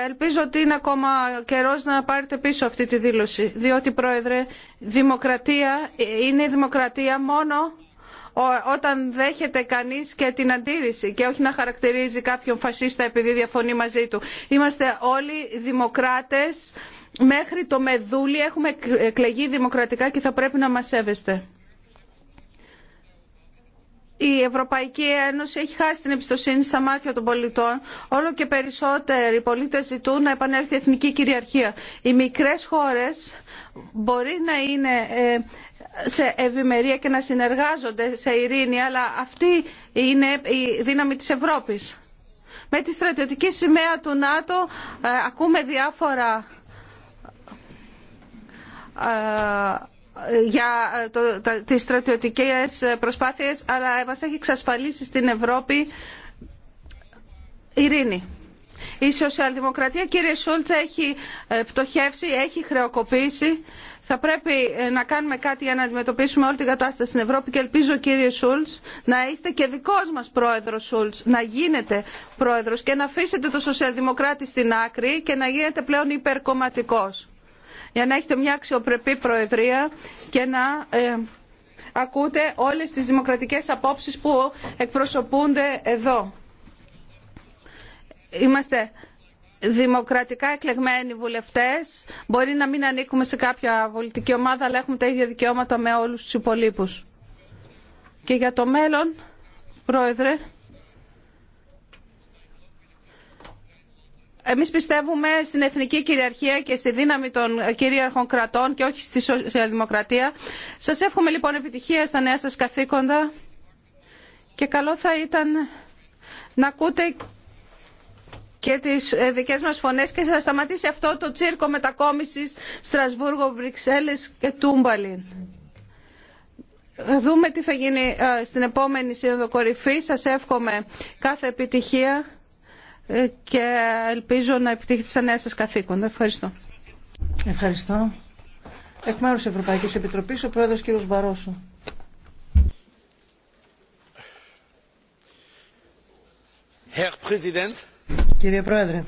ελπίζω ότι είναι ακόμα καιρός να πάρετε πίσω αυτή τη δήλωση. Διότι, Πρόεδρε, δημοκρατία είναι η δημοκρατία μόνο όταν δέχεται κανείς και την αντίρρηση και όχι να χαρακτηρίζει κάποιον φασίστα επειδή διαφωνεί μαζί του. Είμαστε όλοι δημοκράτες μέχρι το μεδούλι, έχουμε εκλεγεί δημοκρατικά και θα πρέπει να μας σέβεστε η Ευρωπαϊκή Ένωση έχει χάσει την εμπιστοσύνη στα μάτια των πολιτών. Όλο και περισσότεροι πολίτες ζητούν να επανέλθει η εθνική κυριαρχία. Οι μικρές χώρες μπορεί να είναι ε, σε ευημερία και να συνεργάζονται σε ειρήνη, αλλά αυτή είναι η δύναμη της Ευρώπης. Με τη στρατιωτική σημαία του ΝΑΤΟ ε, ακούμε διάφορα ε, για ε, το, στρατιωτικέ τις στρατιωτικές προσπάθειες, αλλά μας έχει εξασφαλίσει στην Ευρώπη ειρήνη. Η σοσιαλδημοκρατία, κύριε Σούλτσα, έχει ε, πτωχεύσει, έχει χρεοκοπήσει. Θα πρέπει ε, να κάνουμε κάτι για να αντιμετωπίσουμε όλη την κατάσταση στην Ευρώπη και ελπίζω, κύριε Σούλτς, να είστε και δικός μας πρόεδρος Σούλτς, να γίνετε πρόεδρος και να αφήσετε το σοσιαλδημοκράτη στην άκρη και να γίνετε πλέον υπερκομματικός για να έχετε μια αξιοπρεπή Προεδρία και να ε, ακούτε όλες τις δημοκρατικές απόψεις που εκπροσωπούνται εδώ. Είμαστε δημοκρατικά εκλεγμένοι βουλευτές. Μπορεί να μην ανήκουμε σε κάποια πολιτική ομάδα, αλλά έχουμε τα ίδια δικαιώματα με όλους τους υπολείπους. Και για το μέλλον, Πρόεδρε, Εμείς πιστεύουμε στην εθνική κυριαρχία και στη δύναμη των κυρίαρχων κρατών και όχι στη σοσιαλδημοκρατία. Σας εύχομαι λοιπόν επιτυχία στα νέα σας καθήκοντα και καλό θα ήταν να ακούτε και τις ε, δικές μας φωνές και θα σταματήσει αυτό το τσίρκο μετακόμισης Στρασβούργο, Βρυξέλλες και Τούμπαλιν. Δούμε τι θα γίνει ε, στην επόμενη σύνοδο κορυφή. Σας εύχομαι κάθε επιτυχία ε, και ελπίζω να επιτύχει τι νέα σα καθήκοντα. Ευχαριστώ. Ευχαριστώ. Εκ μέρους Ευρωπαϊκή Επιτροπή, ο Πρόεδρος κ. Μπαρόσο. Κύριε Πρόεδρε,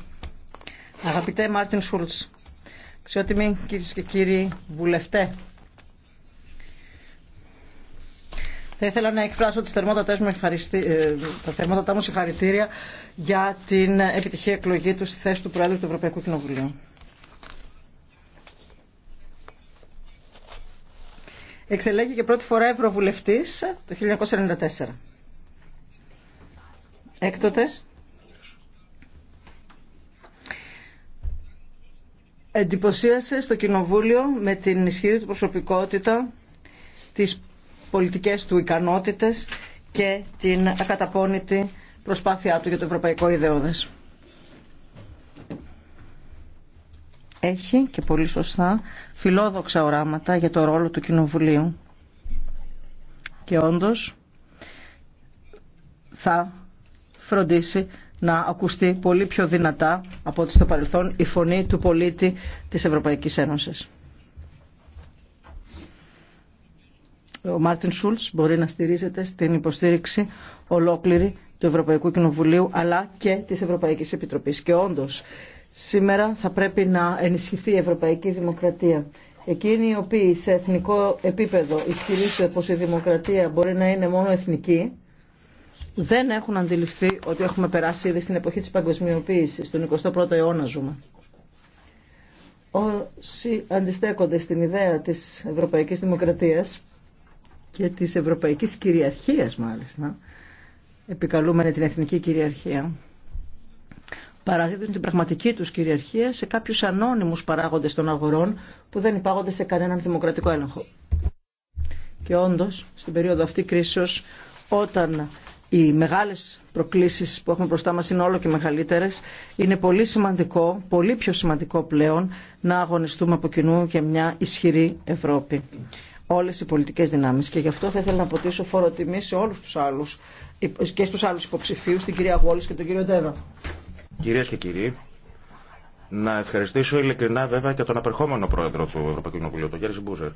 αγαπητέ Μάρτιν Σούλτς, αξιότιμοι κύριε και κύριοι βουλευτέ, Θα ήθελα να εκφράσω τις θερμότατές μου ε, τα θερμότατά μου συγχαρητήρια για την επιτυχή εκλογή του στη θέση του Προέδρου του Ευρωπαϊκού Κοινοβουλίου. Εξελέγει και πρώτη φορά Ευρωβουλευτής το 1994. Έκτοτε εντυπωσίασε στο Κοινοβούλιο με την ισχυρή του προσωπικότητα, τις πολιτικές του ικανότητες και την ακαταπώνητη προσπάθειά του για το ευρωπαϊκό ιδεώδες. Έχει και πολύ σωστά φιλόδοξα οράματα για το ρόλο του Κοινοβουλίου. Και όντως θα φροντίσει να ακουστεί πολύ πιο δυνατά από ό,τι στο παρελθόν η φωνή του πολίτη της Ευρωπαϊκής Ένωσης. ο Μάρτιν Σούλτς μπορεί να στηρίζεται στην υποστήριξη ολόκληρη του Ευρωπαϊκού Κοινοβουλίου αλλά και της Ευρωπαϊκής Επιτροπής. Και όντως σήμερα θα πρέπει να ενισχυθεί η Ευρωπαϊκή Δημοκρατία. Εκείνοι οι οποίοι σε εθνικό επίπεδο ισχυρίζονται πως η δημοκρατία μπορεί να είναι μόνο εθνική, δεν έχουν αντιληφθεί ότι έχουμε περάσει ήδη στην εποχή της παγκοσμιοποίησης, στον 21ο αιώνα ζούμε. Όσοι αντιστέκονται στην ιδέα της Ευρωπαϊκής Δημοκρατίας, και της ευρωπαϊκής κυριαρχίας μάλιστα, επικαλούμενη την εθνική κυριαρχία, παραδίδουν την πραγματική τους κυριαρχία σε κάποιους ανώνυμους παράγοντες των αγορών που δεν υπάγονται σε κανέναν δημοκρατικό έλεγχο. Και όντως, στην περίοδο αυτή κρίσεως, όταν οι μεγάλες προκλήσεις που έχουμε μπροστά μας είναι όλο και μεγαλύτερες, είναι πολύ σημαντικό, πολύ πιο σημαντικό πλέον, να αγωνιστούμε από κοινού για μια ισχυρή Ευρώπη όλες οι πολιτικές δυνάμεις και γι' αυτό θα ήθελα να αποτίσω φόρο τιμή σε όλους τους άλλους και στους άλλους υποψηφίους, την κυρία Γόλης και τον κύριο Ντέβα. Κυρίες και κύριοι, να ευχαριστήσω ειλικρινά βέβαια και τον απερχόμενο πρόεδρο του Ευρωπαϊκού Κοινοβουλίου, τον Γιάννη Μπουζέκ.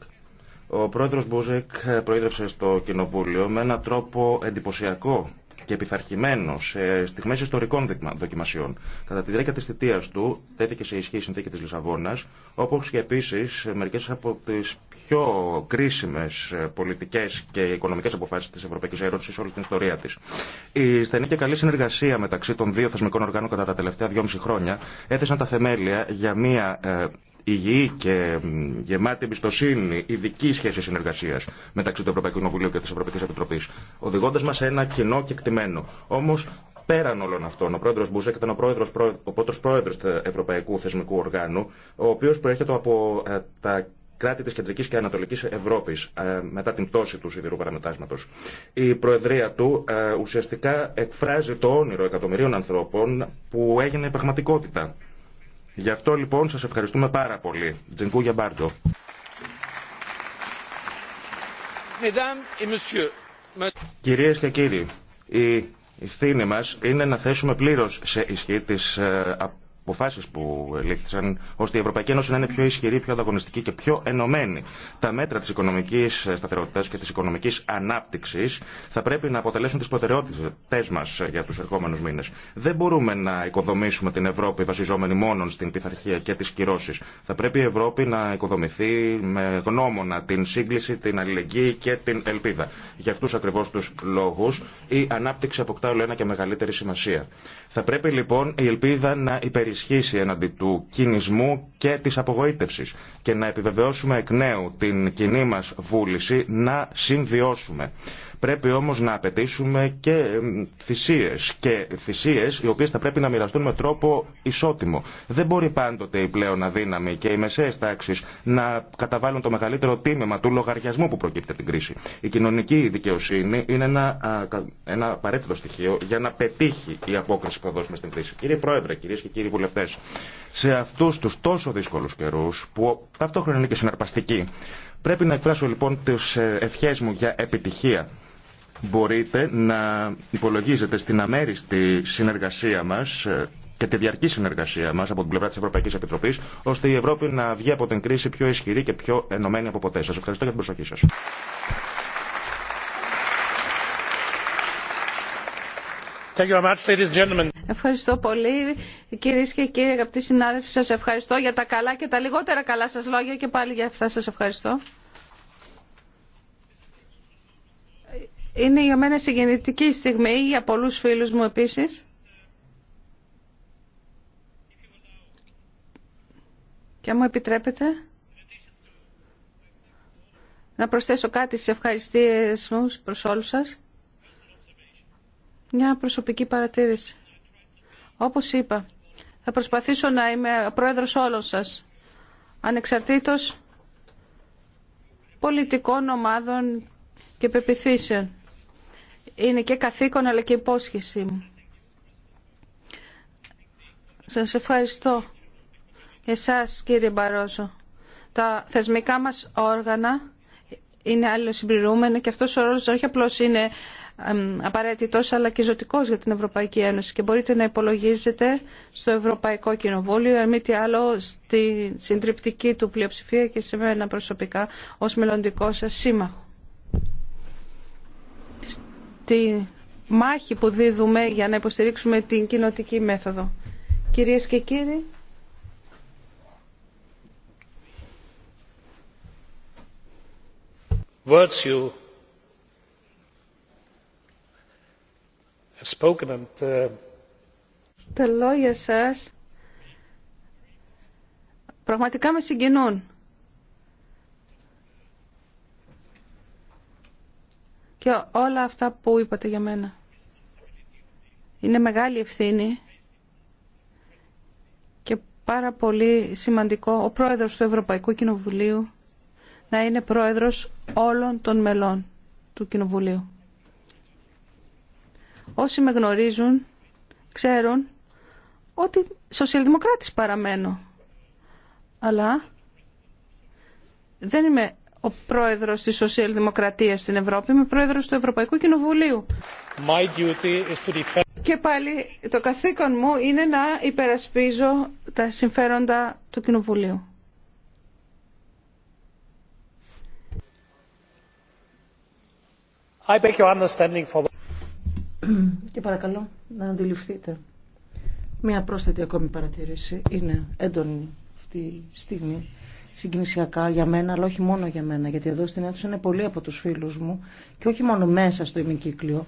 Ο πρόεδρος Μπούζεκ προείδρευσε στο Κοινοβούλιο με έναν τρόπο εντυπωσιακό και επιθαρχημένο σε στιγμές ιστορικών δοκιμασιών. Κατά τη διάρκεια της θητείας του τέθηκε σε ισχύ η συνθήκη της Λισαβόνας, όπως και επίσης μερικές από τις πιο κρίσιμες ε, πολιτικές και οικονομικές αποφάσεις της Ευρωπαϊκής Ένωσης όλη την ιστορία της. Η στενή και καλή συνεργασία μεταξύ των δύο θεσμικών οργάνων κατά τα τελευταία δυόμιση χρόνια έθεσαν τα θεμέλια για μια ε, υγιή και γεμάτη εμπιστοσύνη, ειδική σχέση συνεργασία μεταξύ του Ευρωπαϊκού Κοινοβουλίου και τη Ευρωπαϊκή Επιτροπή, οδηγώντα μα σε ένα κοινό κεκτημένο. Όμω, πέραν όλων αυτών, ο πρόεδρο Μπούζεκ ήταν ο, πρώτο πρόεδρο του Ευρωπαϊκού Θεσμικού Οργάνου, ο οποίο προέρχεται από ε, τα κράτη τη Κεντρική και Ανατολική Ευρώπη ε, μετά την πτώση του σιδηρού παραμετάσματο. Η Προεδρία του ε, ουσιαστικά εκφράζει το όνειρο εκατομμυρίων ανθρώπων που έγινε πραγματικότητα Γι' αυτό λοιπόν σας ευχαριστούμε πάρα πολύ. για Μπάρντο. Κυρίες και κύριοι, η ευθύνη μας είναι να θέσουμε πλήρως σε ισχύ τις ε, αποφάσει που λήφθησαν ώστε η Ευρωπαϊκή Ένωση να είναι πιο ισχυρή, πιο ανταγωνιστική και πιο ενωμένη. Τα μέτρα τη οικονομική σταθερότητα και τη οικονομική ανάπτυξη θα πρέπει να αποτελέσουν τι προτεραιότητέ μα για του ερχόμενου μήνε. Δεν μπορούμε να οικοδομήσουμε την Ευρώπη βασιζόμενη μόνο στην πειθαρχία και τι κυρώσει. Θα πρέπει η Ευρώπη να οικοδομηθεί με γνώμονα την σύγκληση, την αλληλεγγύη και την ελπίδα. Για αυτού ακριβώ του λόγου η ανάπτυξη αποκτά όλο ένα και μεγαλύτερη σημασία. Θα πρέπει λοιπόν η ελπίδα να υπερισχύσει εναντί του κινησμού και της απογοήτευσης και να επιβεβαιώσουμε εκ νέου την κοινή μας βούληση να συμβιώσουμε. Πρέπει όμως να απαιτήσουμε και θυσίες και θυσίες οι οποίες θα πρέπει να μοιραστούν με τρόπο ισότιμο. Δεν μπορεί πάντοτε η πλέον αδύναμη και οι μεσαίες τάξεις να καταβάλουν το μεγαλύτερο τίμημα του λογαριασμού που προκύπτει από την κρίση. Η κοινωνική δικαιοσύνη είναι ένα, ένα απαραίτητο στοιχείο για να πετύχει η απόκριση που θα δώσουμε στην κρίση. Κύριε Πρόεδρε, κυρίες και κύριοι βουλευτές, σε αυτούς τους τόσο δύσκολους καιρούς που ταυτόχρονα είναι και συναρπαστικοί, πρέπει να εκφράσω λοιπόν τις ε, ευχές μου για επιτυχία μπορείτε να υπολογίζετε στην αμέριστη συνεργασία μας ε, και τη διαρκή συνεργασία μας από την πλευρά της Ευρωπαϊκής Επιτροπής, ώστε η Ευρώπη να βγει από την κρίση πιο ισχυρή και πιο ενωμένη από ποτέ. Σας ευχαριστώ για την προσοχή σας. Ευχαριστώ πολύ κύριε και κύριοι αγαπητοί συνάδελφοι. Σας ευχαριστώ για τα καλά και τα λιγότερα καλά σας λόγια και πάλι για αυτά σας ευχαριστώ. Είναι για μένα συγκινητική στιγμή, για πολλούς φίλους μου επίσης. Και μου επιτρέπετε να προσθέσω κάτι σε ευχαριστίες μου προς όλους σας. Μια προσωπική παρατήρηση. Όπως είπα, θα προσπαθήσω να είμαι πρόεδρος όλων σας, ανεξαρτήτως πολιτικών ομάδων και πεπιθήσεων είναι και καθήκον αλλά και υπόσχεσή μου. Σας ευχαριστώ. Εσάς κύριε Μπαρόζο. Τα θεσμικά μας όργανα είναι αλληλοσυμπληρούμενα και αυτός ο ρόλος όχι απλώς είναι απαραίτητο, αλλά και ζωτικός για την Ευρωπαϊκή Ένωση και μπορείτε να υπολογίζετε στο Ευρωπαϊκό Κοινοβούλιο αν τι άλλο στη συντριπτική του πλειοψηφία και σε μένα προσωπικά ως μελλοντικό σας σύμμαχο τη μάχη που δίδουμε για να υποστηρίξουμε την κοινοτική μέθοδο. Κυρίες και κύριοι, spoken uh, τα λόγια σας πραγματικά με συγκινούν. και όλα αυτά που είπατε για μένα. Είναι μεγάλη ευθύνη και πάρα πολύ σημαντικό ο πρόεδρος του Ευρωπαϊκού Κοινοβουλίου να είναι πρόεδρος όλων των μελών του Κοινοβουλίου. Όσοι με γνωρίζουν ξέρουν ότι σοσιαλδημοκράτης παραμένω. Αλλά δεν είμαι ο πρόεδρος της Σοσιαλδημοκρατίας στην Ευρώπη, με πρόεδρος του Ευρωπαϊκού Κοινοβουλίου. Και πάλι το καθήκον μου είναι να υπερασπίζω τα συμφέροντα του Κοινοβουλίου. Και παρακαλώ να αντιληφθείτε. Μια πρόσθετη ακόμη παρατήρηση είναι έντονη αυτή τη στιγμή συγκινησιακά για μένα, αλλά όχι μόνο για μένα, γιατί εδώ στην αίθουσα είναι πολλοί από τους φίλους μου και όχι μόνο μέσα στο ημικύκλιο,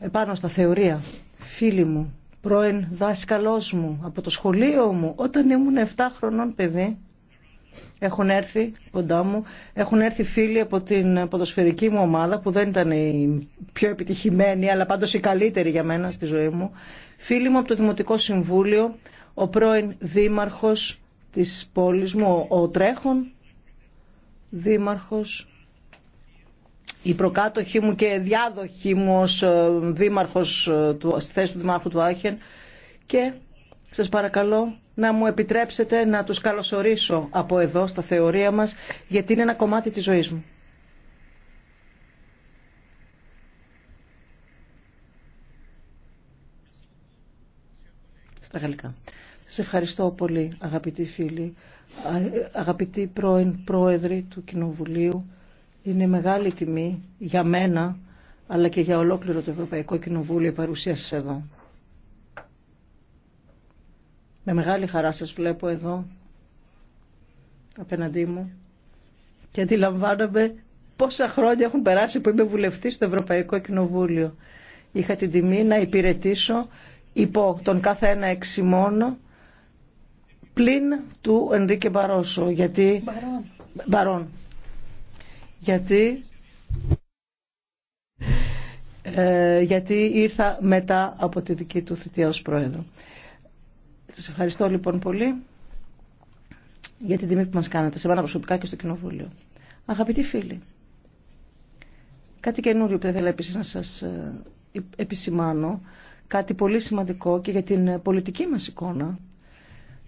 επάνω στα θεωρία, φίλοι μου, πρώην δάσκαλός μου, από το σχολείο μου, όταν ήμουν 7 χρονών παιδί, έχουν έρθει κοντά μου, έχουν έρθει φίλοι από την ποδοσφαιρική μου ομάδα που δεν ήταν η πιο επιτυχημένη αλλά πάντως η καλύτερη για μένα στη ζωή μου. Φίλοι μου από το Δημοτικό Συμβούλιο, ο πρώην Δήμαρχος, της πόλης μου, ο Τρέχον, δήμαρχος, η προκάτοχή μου και διάδοχή μου ως ε, δήμαρχος ε, του, στη θέση του Δημάρχου του Άχεν και σας παρακαλώ να μου επιτρέψετε να τους καλωσορίσω από εδώ στα θεωρία μας γιατί είναι ένα κομμάτι της ζωής μου. Στα γαλλικά. Σε ευχαριστώ πολύ αγαπητοί φίλοι, αγαπητοί πρώην πρόεδροι του Κοινοβουλίου. Είναι μεγάλη τιμή για μένα αλλά και για ολόκληρο το Ευρωπαϊκό Κοινοβούλιο η παρουσία σας εδώ. Με μεγάλη χαρά σας βλέπω εδώ απέναντί μου και αντιλαμβάνομαι πόσα χρόνια έχουν περάσει που είμαι βουλευτής στο Ευρωπαϊκό Κοινοβούλιο. Είχα την τιμή να υπηρετήσω υπό τον κάθε ένα εξιμόνο, πλην του Ενρίκε Μπαρόσο. Γιατί... Μπαρόν. Γιατί... Ε, γιατί ήρθα μετά από τη δική του θητεία ως πρόεδρο. Σας ευχαριστώ λοιπόν πολύ για την τιμή που μας κάνατε, σε μένα προσωπικά και στο Κοινοβούλιο. Αγαπητοί φίλοι, κάτι καινούριο που ήθελα επίσης να σας ε, επισημάνω, κάτι πολύ σημαντικό και για την πολιτική μας εικόνα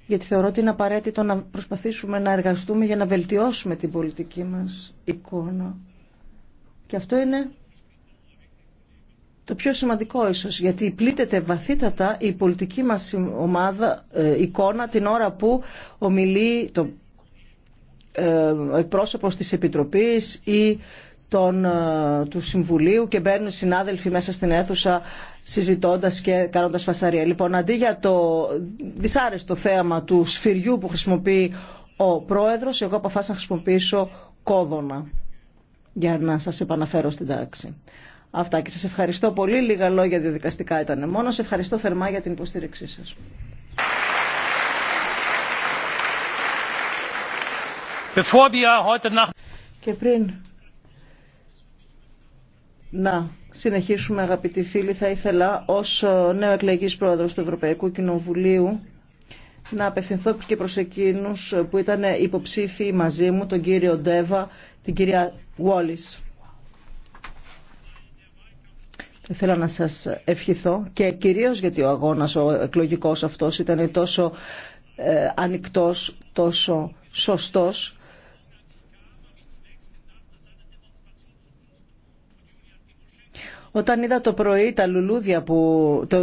γιατί θεωρώ ότι είναι απαραίτητο να προσπαθήσουμε να εργαστούμε για να βελτιώσουμε την πολιτική μας εικόνα. Και αυτό είναι το πιο σημαντικό ίσως, γιατί πλήττεται βαθύτατα η πολιτική μας ομάδα, ε, εικόνα την ώρα που ομιλεί το, ε, ο εκπρόσωπος της Επιτροπής ή των, ε, του Συμβουλίου και μπαίνουν συνάδελφοι μέσα στην αίθουσα συζητώντας και κάνοντας φασαρία. Λοιπόν, αντί για το δυσάρεστο θέαμα του σφυριού που χρησιμοποιεί ο Πρόεδρος, εγώ αποφάσισα να χρησιμοποιήσω κόδωνα για να σας επαναφέρω στην τάξη. Αυτά και σας ευχαριστώ πολύ. Λίγα λόγια διαδικαστικά ήταν μόνο. Σε ευχαριστώ θερμά για την υποστήριξή σας. Και πριν να συνεχίσουμε αγαπητοί φίλοι. Θα ήθελα ως ε, νέο εκλεγής πρόεδρος του Ευρωπαϊκού Κοινοβουλίου να απευθυνθώ και προς εκείνους που ήταν υποψήφοι μαζί μου, τον κύριο Ντέβα, την κυρία Wallis. Θέλω να σας ευχηθώ και κυρίως γιατί ο αγώνας ο εκλογικός αυτός ήταν τόσο ε, ανοιχτός, τόσο σωστός Όταν είδα το πρωί τα λουλούδια, που, το,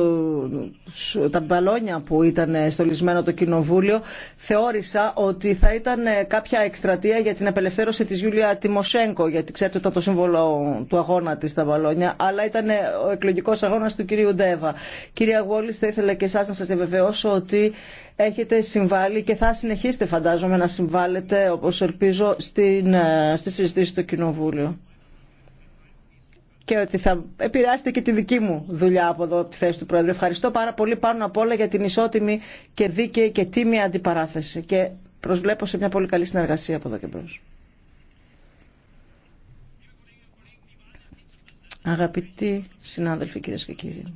τα μπαλόνια που ήταν στολισμένα το κοινοβούλιο, θεώρησα ότι θα ήταν κάποια εκστρατεία για την απελευθέρωση της Γιούλια Τιμοσέγκο, γιατί ξέρετε ήταν το σύμβολο του αγώνα της στα μπαλόνια, αλλά ήταν ο εκλογικός αγώνας του κυρίου Ντέβα. Κυρία Γουόλης, θα ήθελα και εσάς να σας διαβεβαιώσω ότι έχετε συμβάλει και θα συνεχίσετε φαντάζομαι να συμβάλλετε, όπως ελπίζω, στην, ε, στη συζήτηση του Κοινοβούλιο και ότι θα επηρεάσετε και τη δική μου δουλειά από εδώ, τη θέση του Πρόεδρου. Ευχαριστώ πάρα πολύ πάνω απ' όλα για την ισότιμη και δίκαιη και τίμια αντιπαράθεση και προσβλέπω σε μια πολύ καλή συνεργασία από εδώ και μπρος. Αγαπητοί συνάδελφοι κυρίες και κύριοι.